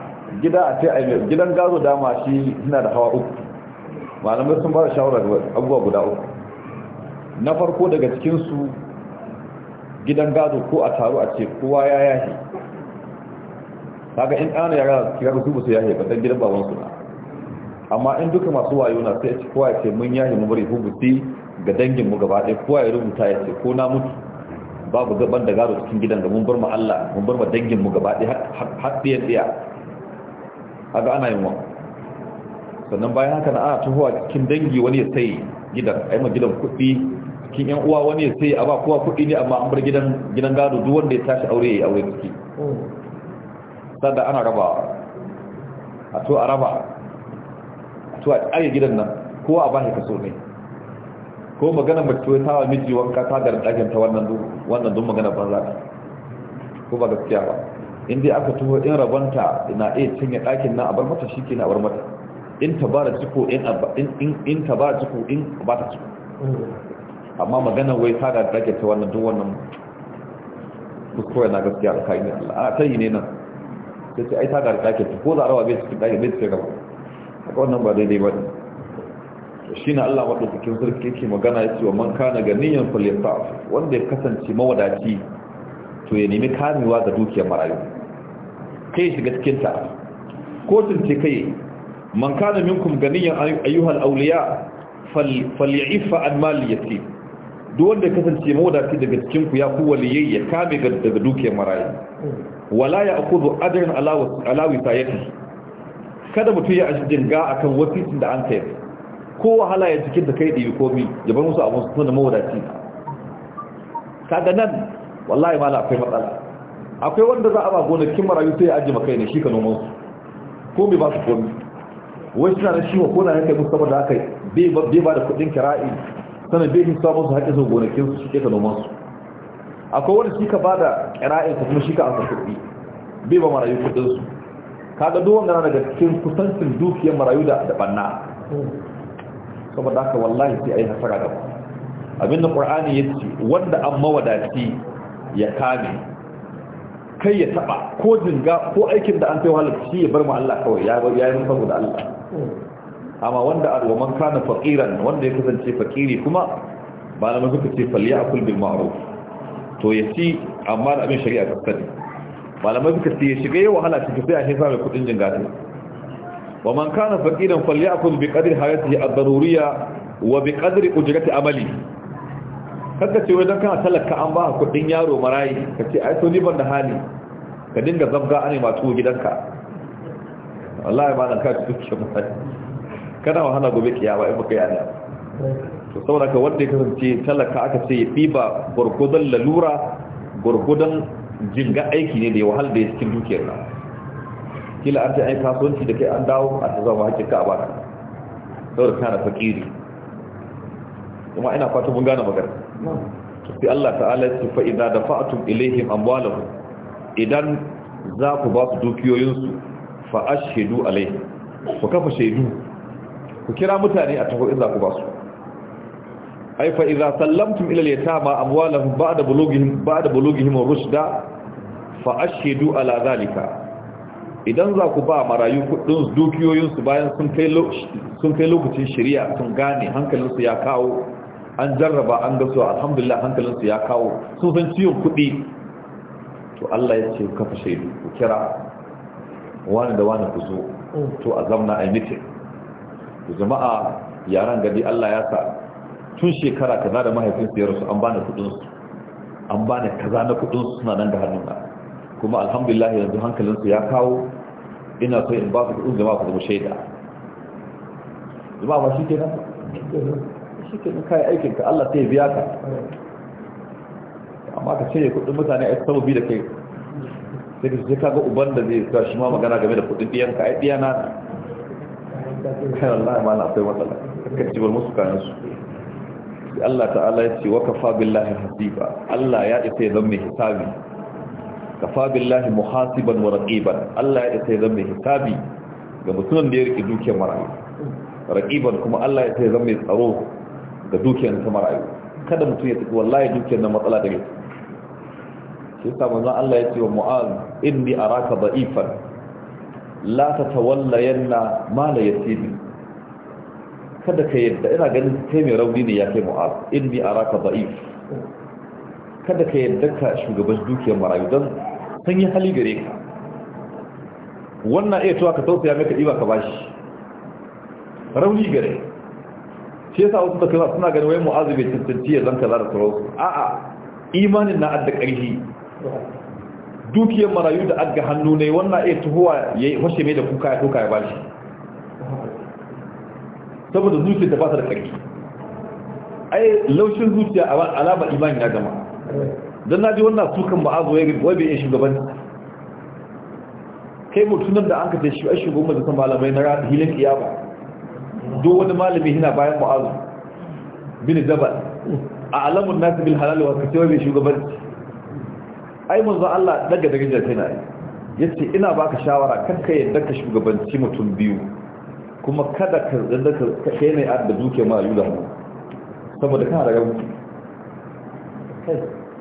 gida a ce gidan gado dama shi suna da hawa uku malamai sun ba da shawarar abubuwa guda uku na farko daga cikinsu gidan gado ko a taru a ce kowa ya yahe ga in ƙana yara kira su ba su yahe ba gidan babansu na amma in duka masu wayo na sai ce kowa ya ce mun yahe mu bari hubuti ga mu gaba ɗaya kowa ya rubuta ya ce ko na mutu babu gaban da gado cikin gidan da mun bar mu Allah mun bar mu mu gaba ɗaya har ɗaya Haka ana yin wa sannan bayan haka na ana tuhuwa cikin dangi wani ya sai gidan a yi ma gidan kuɗi cikin yan uwa wani ya sai a ba kowa kuɗi ne amma an bar gidan gidan gado duk wanda ya tashi aure ya yi aure ciki sannan ana raba a to a raba a to a tsare gidan nan kowa a ba shi kaso ne ko magana mace tuwai ta wa miji wanka ta da ɗakin ta wannan dun magana ban za ko ba gaskiya ba dai aka tuho in rabonta na iya cinye ɗakin na a bar mata shi ke na bar mata in ta bara ciko in ta bara ciko in ba ta ciko amma magana wai ta ga ɗakin ta wannan duk wannan kuskure na gaskiya da kayan Allah a ta ne nan sai ce ai ta ga ɗakin ta ko za a rawa bai cikin ɗakin bai cikin gaba haka wannan ba daidai ba ne shi na Allah maɗaukakin sarki yake magana ya ce wa man kana ganiyan falyasa wanda ya kasance mawadaci to ya nemi kamewa ga dukiyar marayu kai shiga cikin ta kotun ce kai man kana minkum ganiyan ayyuhal awliya falya'ifa an mali yatim duk wanda ya kasance mawadaci daga cikin ku ya ku waliyai ya kame daga dukiyar marayu wala ya akudu ajrin ala wisayati kada mutum ya ashi jinga akan wasitin da an kai ko wahala ya jikin da kai da yi komi ya bar musu abun sun da mawadaci kaga nan wallahi ma na akwai matsala akwai wanda za a ba gonakin marayu sai ya ajiye makai ne shi ka noman su ko bai ba su komi wai suna da shiwa ko na yankai musu saboda haka bai ba da kudin kira'i sannan bai yi samun su haƙe su gonakin su shi ka noman su akwai wanda shi ka ba da kira'in su kuma shi ka asa kuɗi bai ba marayu kudin su kaga dogon gana daga cikin kusancin dukiyar marayu da da banna saboda haka wallahi sai a yi hasara da abinda qur'ani ya ce wanda an mawadaci ya kame kai ya taba ko jinga ko aikin da an kai wahalar shi ya bar mu Allah kawai ya yi mun saboda Allah amma wanda wa man kana fakiran, wanda ya kasance fakiri kuma ba na suka ce a bil ma'ruf to ya ci amma da abin shari'a ta sani malamai suka ce ya shiga yawa wahala cikin sai a shefa mai kudin jinga wa man kana faqiran a bi qadri hayatihi ad-daruriyya wa bi qadri ujrati amali. kanka ce wai don kana talaka an ba kudin yaro marayi ka ce ai to ni ban da hali ka dinga zabga ane masu gidanka wallahi ya bada kaci ci duke mutane kana wahala gobe kiyama in baka yana to saboda ka wanda ya kasance talaka aka ce ya ba gurgudan lalura gurgudan jinga aiki ne da ya wahala da ya cikin dukiyar na kila an an ai kasuwanci da kai an dawo a ta zama hakika a baka saboda kana fakiri kuma ina fata mun gane magana tafi Allah ta'ala ya ce fa idza dafa'tum ilaihim amwalahum idan za ku ba su dukiyoyinsu fa ashhadu alaihi ku kafa shaidu ku kira mutane a tafi idza ku ba su ai fa idza sallamtum ila al-yatama amwalahum ba'da bulughihim ba'da bulughihim rushda fa ashhadu ala zalika idan za ku ba marayu kudin dukiyoyinsu bayan sun kai lokacin shari'a sun gane hankalinsu ya kawo an jarraba an ga su alhamdulillah hankalinsu ya kawo sun san ciwon kuɗi to Allah ya ce kafa shaidu ku kira wani da wani ku zo to a zamna a mitin to jama'a yaran gadi Allah ya sa tun shekara kaza da mahaifinsu ya rasu an bani kuɗinsu an bani kaza na kuɗinsu suna nan da hannun hannuna kuma alhamdulillah yanzu hankalinsu ya kawo ina so in ba su kuɗin jama'a ku zama shaida jama'a ba shi kenan shi ke in kayi aikinka Allah sai biya ka amma ka cire kudin mutane a sabobi da kai sai ka sai kaga uban da zai ka ma magana game da kudin diyan ka ai diya na kai wallahi ma na akwai matsala ka ci bar musu kayan su Allah ta'ala ya ce wa kafa billahi hasiba Allah ya isa ya zama hisabi kafa billahi muhasiban wa raqiban Allah ya isa ya zama hisabi ga mutumin da ya rike dukiyar marayu raqiban kuma Allah ya isa ya zama tsaro Da dukiyar ta marayu kada mutum ya tafi wallahi dukiyar na matsala da yau shi yasa manzon Allah ya ce wa mu'az inni araka da'ifan la tatawallayanna ma la yasidi kada ka yadda ina ganin kai mai rauni ne ya kai mu'az inni araka da'if kada ka yadda ka shugaban dukiyar marayu don san yi hali gare ka wannan iya tuwa ka tausaya maka ɗiba ka bashi rauni gare shi yasa wasu suka suna ganin wai mu'azu bai cancanci yanzu zanka zara sauransu a'a imanin na adda ƙarfi dukiyar marayu da adda hannu ne wannan iya tuhuwa ya yi washe mai da kuka ya kuka ya shi saboda zuciya ta ba da ƙarfi ai laushin zuciya a alama imanin na gama don na ji wannan sukan ma'azu ya wai bai iya shugaban kai mutunan da an ka ce shi a shugaban da san malamai na hilin kiyama duk wani malami yana bayan mu'azu bin jabal a alamun nasu bil halal wa kacewa mai shugabanci ai manzo Allah daga daga jirgin na yace ina baka shawara kan ka yadda ka shugabanci mutum biyu kuma kada ka yadda ka kai ne da duke ma yuda mu saboda kana daga mu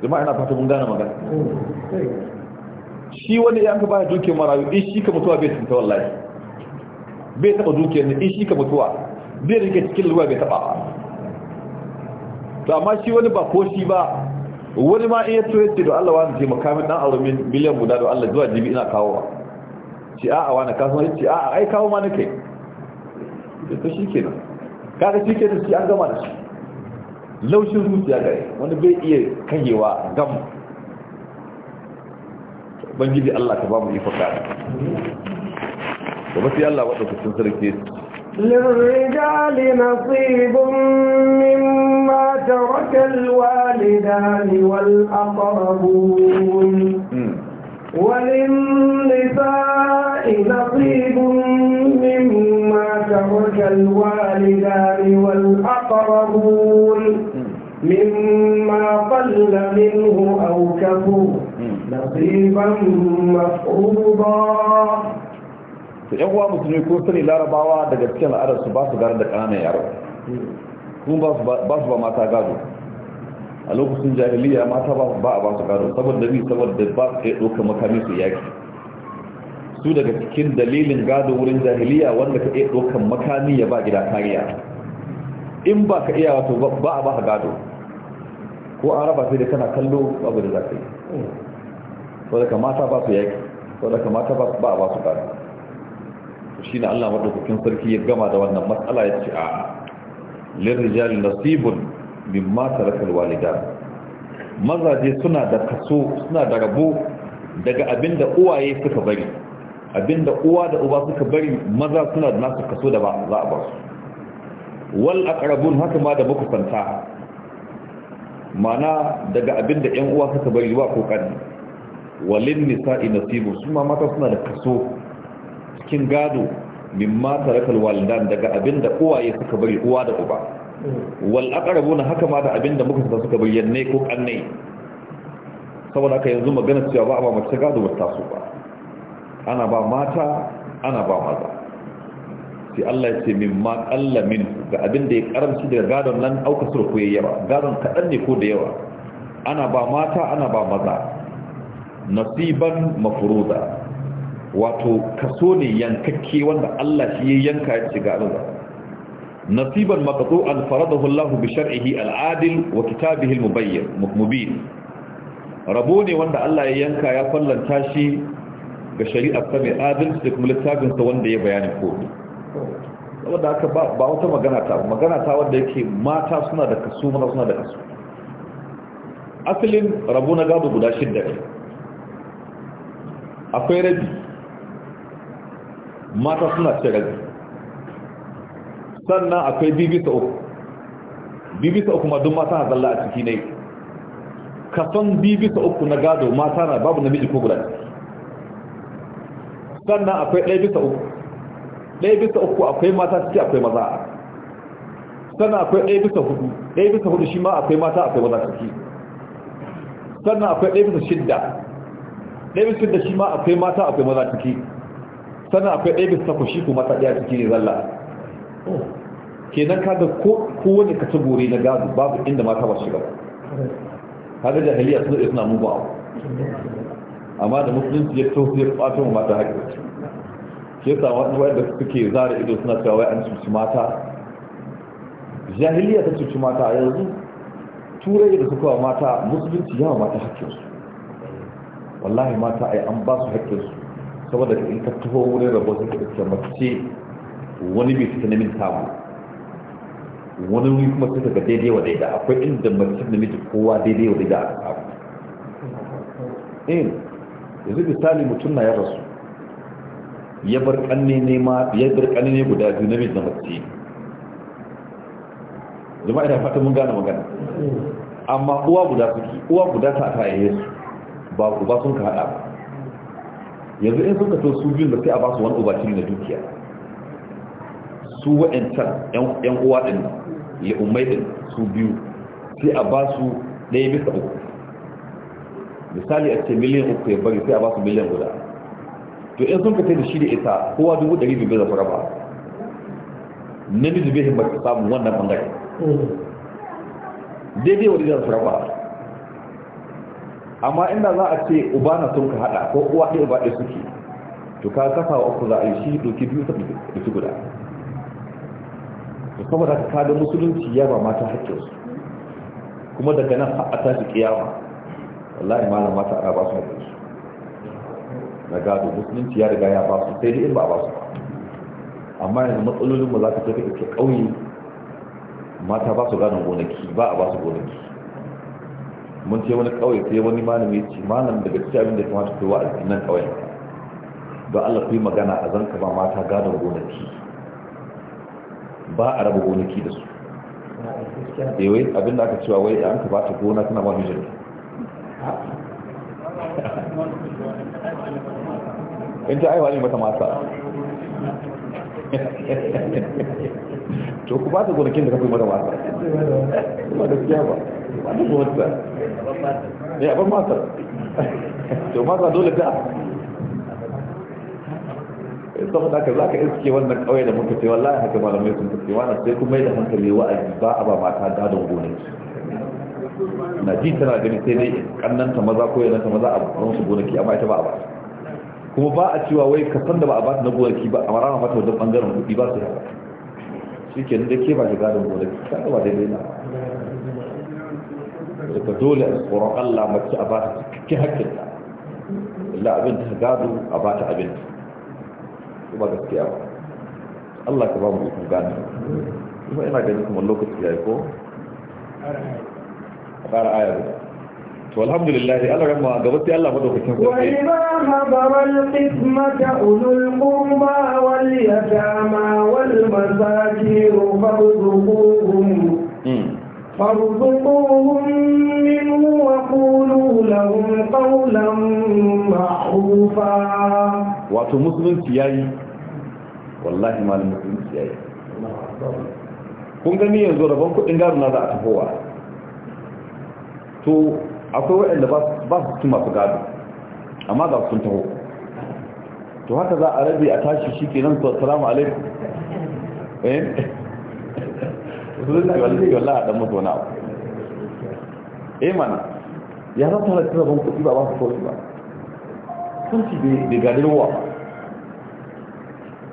jama'a ina fata mun gane magana shi wani ya ka baya duke marayu in shi ka mutuwa bai tunta wallahi bai taba duke ne in shi ka mutuwa bai rike cikin ruwa bai taba to amma shi wani ba ko shi ba wani ma iya to yace da Allah wani taimaka min dan aure min miliyan guda da Allah zuwa jibi ina kawo a a'a wani kasuwa a a'a ai kawo ma nake to kenan kaga kenan shi an gama da shi laushin zuciya ga wani bai iya kayewa gam Ban ubangiji Allah ka ba mu ifaka ba kuma sai Allah wadda cikin sarki للرجال نصيب مما ترك الوالدان والأقربون وللنساء نصيب مما ترك الوالدان والأقربون مما قل منه أو كفر نصيبا مفروضا to yan uwa musulmi ko sani larabawa daga cikin al'adar su ba su gara da ƙananan yaro kuma ba su ba mata gado a lokacin jahiliya mata ba a ba su gado saboda bi saboda ba su kai ɗaukar makami su yaki su daga cikin dalilin gado wurin jahiliya wanda ka iya ɗaukar makami ya ba gida kariya in ba ka iya wato ba a ba ka gado ko an raba sai da kana kallo abu da za ka yi wadda ka mata ba su yaki wadda ka mata ba a ba su gado shi ne Allah maɗaukakin sarki ya gama da wannan matsala ya ce a lirrijali nasibun bin mata rakar walida mazaje suna da kaso suna da rabo daga abinda uwaye suka bari abinda uwa da uba suka bari maza suna da nasu kaso da ba za a ba su wal aqrabun haka ma da makusanta mana daga abinda 'yan uwa suka bari ba ko kani walin nisa'i nasibu su ma mata suna da kaso cikin gado min mimma tarakal walidan daga abinda uwaye suka bari uwa da uba wal aqrabuna haka ma da abinda muka san suka bari yanne ko kanne saboda haka yanzu magana cewa ba a ba mace gado ba taso ba ana ba mata ana ba maza sai Allah ya ce mimma qalla min ga abinda ya karamci daga gadon nan auka sur ko yawa gadon kadan ne ko da yawa ana ba mata ana ba maza nasiban mafruda wato kaso ne yankakke wanda Allah shi ya yanka ya shiga abin nasiban maqtu'an faradahu Allah bi shar'ihi al-adil wa kitabihi al-mubayyin mubin rabo ne wanda Allah ya yanka ya fallanta shi ga shari'a ta mai adalci da kuma littafin sa wanda ya bayani ko saboda haka ba wata magana ta magana ta wanda yake mata suna da kaso mata suna da kaso asalin rabo na gado guda shidda akwai rabi mata suna cin rabi sannan akwai bibisa uku bibisa uku ma duk mata na zalla a ciki ne kason bibisa uku na gado mata na babu namiji ko guda sannan akwai ɗaya bisa uku ɗaya bisa uku akwai mata ciki akwai maza sannan akwai ɗaya bisa hudu ɗaya bisa hudu shi ma akwai mata akwai maza ciki sannan akwai ɗaya bisa shidda ɗaya bisa shidda shi ma akwai mata akwai maza ciki sannan akwai ɗaya bisa takwas shi kuma ta ɗaya cikin ne zalla nan ka ko kowane kategori na gado babu inda mata ba shiga kaga jahiliya sun zai suna mugu abu amma da musulunci ya to sai kwato wa mata haƙƙi ke sa wani wayar da suke zara ido suna cewa wai an cuci mata jahiliya ta cuci mata yanzu turai da suka wa mata musulunci yawa mata haƙƙinsu wallahi mata ai an ba su haƙƙinsu saboda in ka taho wurin rabon su ka mace wani bai fita namin samu wani wuri kuma sai ka ga daidai wa daida akwai inda mace namiji kowa daidai wa daida a samu in eh, yanzu misali mutum na ya rasu ya bar kanne ne ma ya bar kanne ne guda biyu namiji da mace jama'a ina fata mun gane magana amma uwa guda suke uwa guda ta ta yi su ba ku ba sun ka hada ba yanzu in suka to su biyun da sai a ba su wani uba na dukiya su wa'ancan yan uwa ɗin ya umai ɗin su biyu sai a ba su ɗaya bisa uku misali a ce miliyan uku ya bari sai a ba su miliyan guda to in sun fita da shi da ita kowa dubu ɗari biyu bai zafi raba namiji bai himmar samun wannan bangare mm. daidai wani zafi raba amma inda za a ce uba na sun ka hada ko uwa ɗaya uba ɗaya suke to ka kafa wa uku za a yi shi doki biyu ta bisu guda to saboda ka kada musulunci ya ba mata haƙƙinsu kuma daga nan a tashi kiyama wallahi malam mata ana ba su haƙƙinsu na gado musulunci ya riga ya ba su sai dai in ba a ba su ba amma yanzu matsalolinmu za ka tafi ƙauye mata ba su gane gonaki ba a ba su gonaki mun ce wani kawai, sai wani malami ya ce malam daga cikin abin da kamata kai wa'azi nan kauyen don Allah ku yi magana a zanka ba mata gadon gonaki ba a raba gonaki da su ewai eh, abin da aka cewa wai an ka bata ta gona tana ba mijin in ta aiwa ne mata mata to ku ba ta gonakin da ka kuma da mata ba da siya ba ba da gonata ya eh, ban matar? to masa dole ta eh, saboda haka za ka iske wannan kawai da muka ce wallahi haka malamai sun kace wani sai kuma yi da hankali wa'azi ba a ba mata dadin gonaki na ji tana gani sai dai kannanta maza ko yananta maza a ban su gonaki amma ita ba a ba kuma ba a cewa wai ka san da ba a ba na gonaki ba a marama mata wajen bangaren kuɗi ba su haka shi ke da ke ba shi gadon gonaki ta ba daidai na daga dole a tsoron Allah mace a ba ta cikakken abin ta gado a ba ta abin ta Allah ka ba mu ikon kuma ina kuma lokaci ya yi ko a ƙara aya to alhamdulillah Allah ran gaba sai Allah madaukakin qismata ulul qurba wal yatama wal masakin فارزقوهم منه وقولوا لهم قولا معروفا واتو مسلم سياي والله ما المسلم سياي kun gani yanzu rabon kudin gado na za a tafowa to akwai waɗanda ba su ci masu gado amma za sun taho to haka za a rabe a tashi shi ke nan salamu alaikum eh rasulullahi a wallahi eh da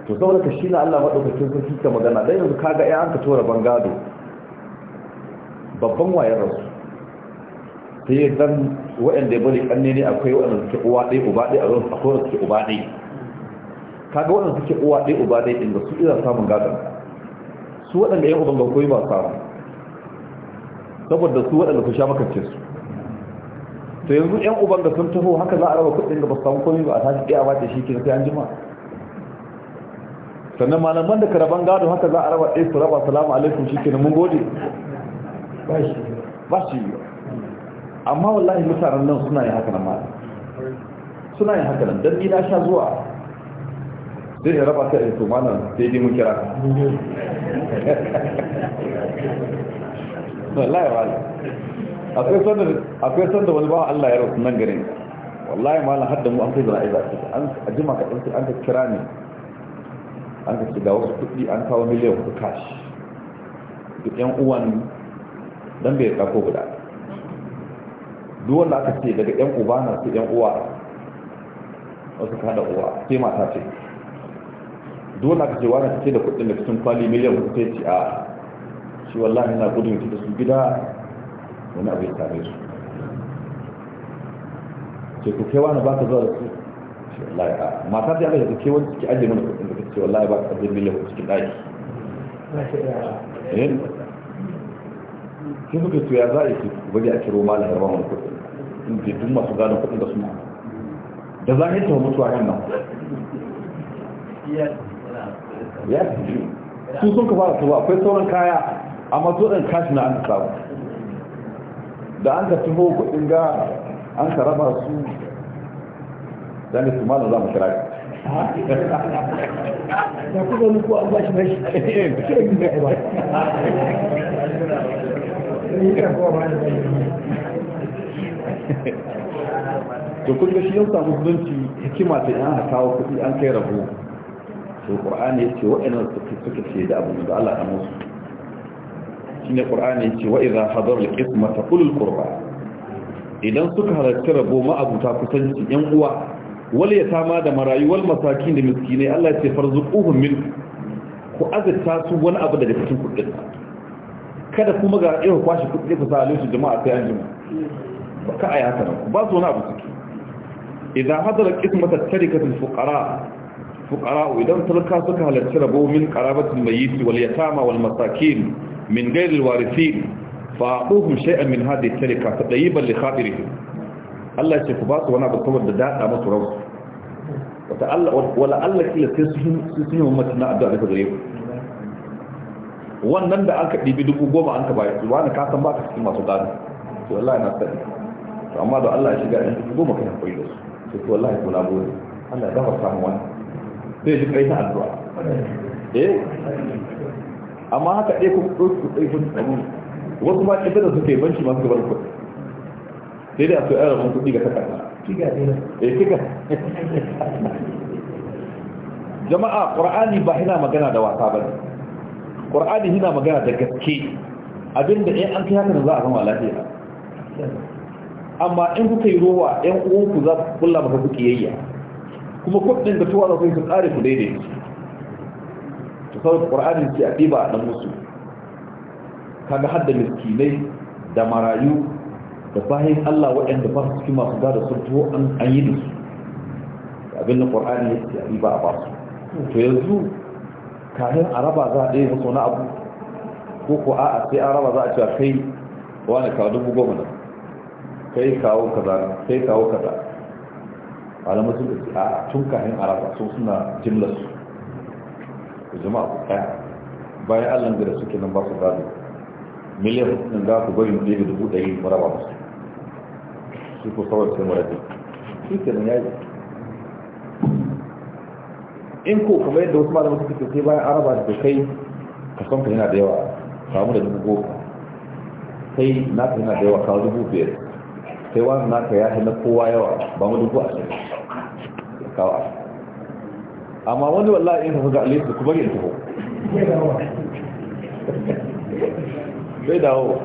to saboda shi na Allah madaukakin sarki ka magana dai yanzu kaga ai an ka tura bangado babban wayar rasu sai dan waɗanda ya bari ƙanne ne akwai waɗanda suke uwa ɗaya uba ɗaya a wurin akwai waɗanda suke uba ɗaya kaga waɗanda suke uwa ɗaya uba ɗaya inda su iya samun gadon su waɗanda yan uban koyi ba tsara saboda su waɗanda ku sha makance su to yanzu yan uban da sun taho haka za a raba kuɗin da ba samu komai ba a tashi ɗaya ba ta shi ke sai an jima sannan malaman da karaban gado haka za a raba ɗaya su raba salamu alaikum shi ke mun gode ba shi yi amma wallahi mutanen nan suna yin haka nan ma suna yin haka nan don ni na sha zuwa sai ya raba ta to mana sai dai mun kira wallahi wala akwai sanda akwai sanda wani ba Allah ya rasu nan ni wallahi mala hadda mu an kai da aiza an ajima ka dinki an ka kira ni an ka shiga wasu kuɗi an kawo miliyan ku cash duk yan uwan dan bai ko guda duk wanda aka ce daga yan uba na su yan uwa wasu kada uwa sai mata ce dole aka ce wani fice da kudin da cikin kwali miliyan kuka sai ci a shi wallahi na gudun ki da su gida wani abu ya tare su ce ku kai wani baka zuwa da su ce wallahi a mata ta yaba da ke wani ciki ajiye mana kudin da ka ce wallahi baka ajiye miliyan kuka cikin ɗaki eh? sai suka ce ya za a yi ki bari a kiro malin ya wani kudin inda duk masu gano kudin da suna da zahirta mutuwa yan nan ya fi su sun kafa su ba akwai sauran kaya amma su kashi na an ka samu da an ka tuho kuɗin ga an ka raba su da ne su ma za mu kira da ku an bashi to kun ga shi yau samu zunci hikima ta yan kawo kuɗi an kai rabo to qur'ani yace wa'annan suka suka ce da abu da Allah ya musu shine qur'ani yace wa idha hadara al-qismata qul qurba idan suka halarci rabo ma ta kusanci yan uwa wal yatama da marayuwar wal masakin da miskinai Allah yace farzuquhum min ku azata su wani abu daga cikin kudin kada kuma ga iya kwashi kudi ku sa alusu jama'a sai an jima ka ayi haka ba su wani abu suke idza hadara qismata tarikatul fuqara fuqara'u idan talaka suka halarci rabo min qarabatil mayyit wal yatama wal masakin min ghayril warithin fa'uhum shay'an min hadhihi tarika tadayiban li khatirihim Allah ce ku ba su wani abu da dada musu rawu wata Allah wala Allah kila sai su sun yi ummata na addu'a da gare ku wannan da aka dibi dubu goma an ka bayar su wani ka san ba ka cikin masu gado to wallahi na sani to amma da Allah ya shiga in dubu goma kai hakuri da su to wallahi kula gode Allah ya gafarta samu wannan sai ji kai ta addu'a eh amma haka ɗaya ku ɗauki ku ɗaya ku tsaro wasu ma ɗaya da suke banci masu gabar ku sai da su ku aramin kuɗi ga takarda eh kika jama'a qur'ani ba hina magana da wasa ba ne hina magana da gaske abinda eh an kai haka za a zama lafiya amma in kuka yi rowa ɗan uwanku za ku kulla maka kuke yayya kuma kudin da tuwa da kai su tsare ku daidai to saboda qur'ani ke a diba dan musu kaga hadda miskinai da marayu da bayan Allah waɗanda ba su cikin masu gada sun tuwo an yi da su abin da qur'ani yake a diba a ba su to yanzu kayan araba za a ɗaya maso na abu ko ko a'a sai araba za a ce kai wani kawo dubu goma kai kawo kaza kai kawo kaza malamai sun kasi a tun kayan sun suna jimla su da jama'a ku ɗaya bayan allon gada suke nan ba su gado miliyan hukunan za ku bari ɗaya da dubu ɗari maraba musu su ko kawai sai marabi Su ke nan yaji in ko kuma yadda wasu malamai suke sai bayan araba da kai son ka yana da yawa samu da dubu goma sai naka yana da yawa kawo dubu biyar sai wani naka ya na kowa yawa ba mu dubu cikin kawo a amma wani wallahi in tafi ga alisa ku bari in tafi sai dawo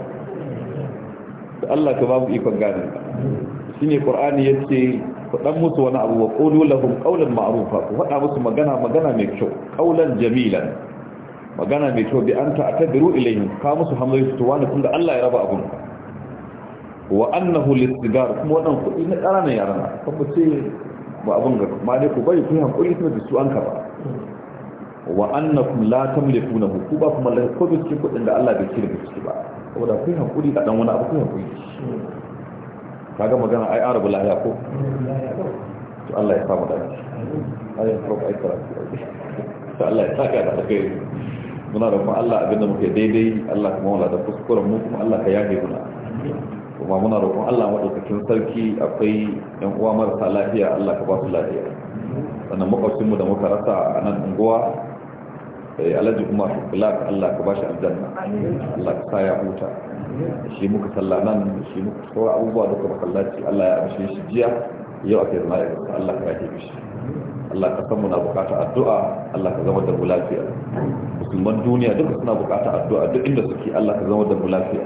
da Allah ka babu ikon gane shi ne ƙor'ani ya ce faɗan musu wani abu wa ƙolu lahun ƙaunar ma'arufa ku faɗa musu magana magana mai kyau ƙaunar jamilan magana mai kyau bi an ta a tabiru ilayin ka musu hamzari su tuwa tun da Allah ya raba abun wa annahu listigar kuma waɗannan kuɗi na ƙananan yaran kan ce ba abin ga ma dai ku bari ku hankuri kuma da su an karba wa annakum la tamlikuna ku ba kuma la ko biski kudin da Allah bai kira biski ba saboda ku hankuri da dan wani abu ku hankuri kaga magana ai arabu la ya ko to Allah ya samu dace ayin prof ai karatu to Allah ya saka da kai muna roƙon Allah abinda muke daidai Allah kuma wala da kuskuren mu kuma Allah ka yafe muna kuma muna roƙon Allah maɗaukakin sarki akwai yan uwa marasa lafiya Allah ka ba su lafiya sannan makwabcinmu da muka rasa a nan unguwa eh, alhaji kuma black Allah ka ba shi aljanna Allah ka sa ya huta shi muka salla nan shi muka saura abubuwa duka masallaci Allah ya amshe shi jiya yau a ake zama ya kusa Allah ka yake shi Allah ka san muna bukata addu'a Allah ka zama da mu lafiya musulman duniya duka suna bukata addu'a duk inda suke Allah ka zama da mu lafiya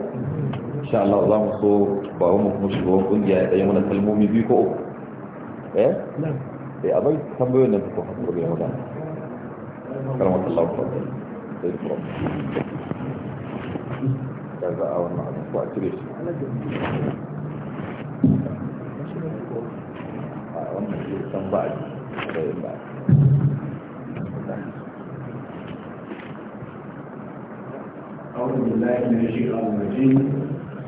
insha Allah za mu so ba mu kuma shugaban kungiya ya yi mana kalmomi biyu ko uku eh sai a bai tambayoyin da suka haɗu da yawa karamar Allah ku sai ku da za a wannan abu ko a cire shi a wannan shi san ba a ji da yin ba أعوذ بالله من الشيطان الرجيم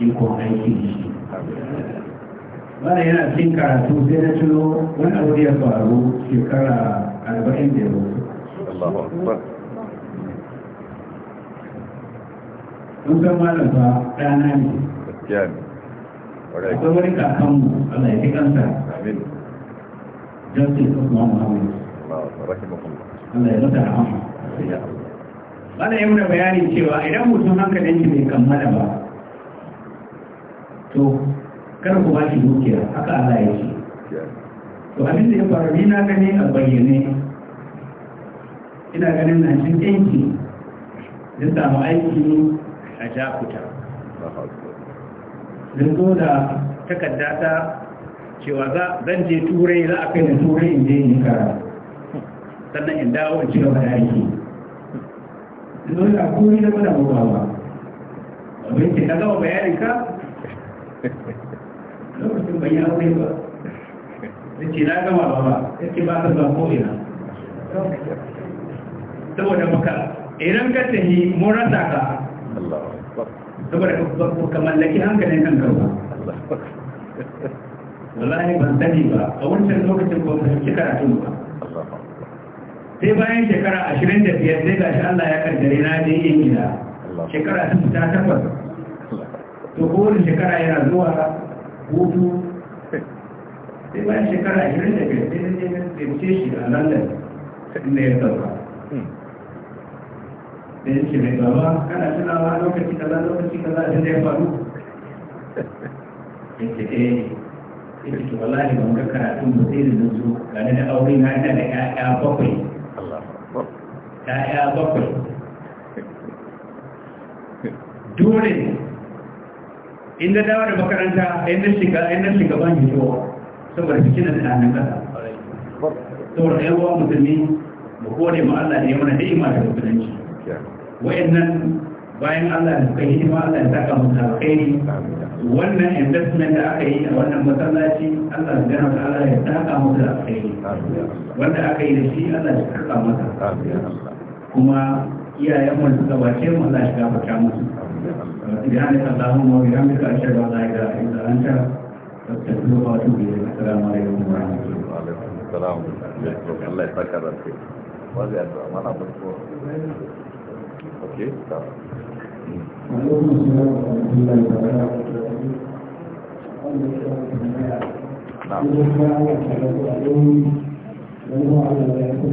ikon aiki da shi bana yana cin karatu sai na tuno wani abu ya faru shekara arba'in da yau mun san malam fa ɗana ne akwai wani kakanmu Allah ya fi kansa justice Usman Muhammad Allah ya mata rahama bana yi muna bayani cewa idan mutum hankalin shi bai kammala ba to kar ku ba shi dukiya haka Allah ya ce to abin da ya faru ni na gani a bayyane ina ganin na cin yanki ya samu aiki a jakuta zan zo da takarda ta cewa zan je turai za a kai da turai in je in kara sannan in dawo in ci gaba da aiki zan zo da kuri da mana mawa ba abin ke ka gaba bayanin ka lokacin ban yi aure ba ya ce na gama ba ba ya ce ba ka zan ko'ina saboda maka, idan ka tafi mun rasa ka saboda ka mallaki hankalin kan ba wallahi ban sani ba a wancan lokacin ba ka ci karatun ba sai bayan shekara ashirin da biyar sai gashi Allah ya kaddare na je yin gida shekara ta takwas to kowane shekara yana zuwa hutu sai bayan shekara ashirin da biyar sai ne je shi a london inda ya sauka da hmm. ya ce mai gaba kana tunawa lokaci kaza lokaci kaza da ya faru ya ce ne eh. ya ce wallahi ban ga karatun ba sai da zo gane da aure na ina da ƴaƴa bakwai ƴaƴa bakwai dole inda dawa da makaranta inda shiga inda shiga ba yi yawa saboda cikin da ɗanen ƙasa saboda ɗan wa musulmi mu kone ne Allah ne mana ni'ima da musulunci wayannan bayan Allah da suka yi hidima Allah ya saka musu alkhairi wannan investment da aka yi a wannan masallaci Allah ya gana Allah ya saka musu alkhairi wanda aka yi da shi Allah ya karɓa masa kuma iyayen mu suka bace mu Allah ya gafarta musu سبحانك اللهم وبحمدك أشهد أن لا إله إلا أنت أستغفرك وأتوب إليك السلام عليكم ورحمة الله وعليكم السلام الله يسعدك ربك وهذه أدعو ما نعبد أوكي تمام وعليكم السلام ورحمة الله وبركاته نعم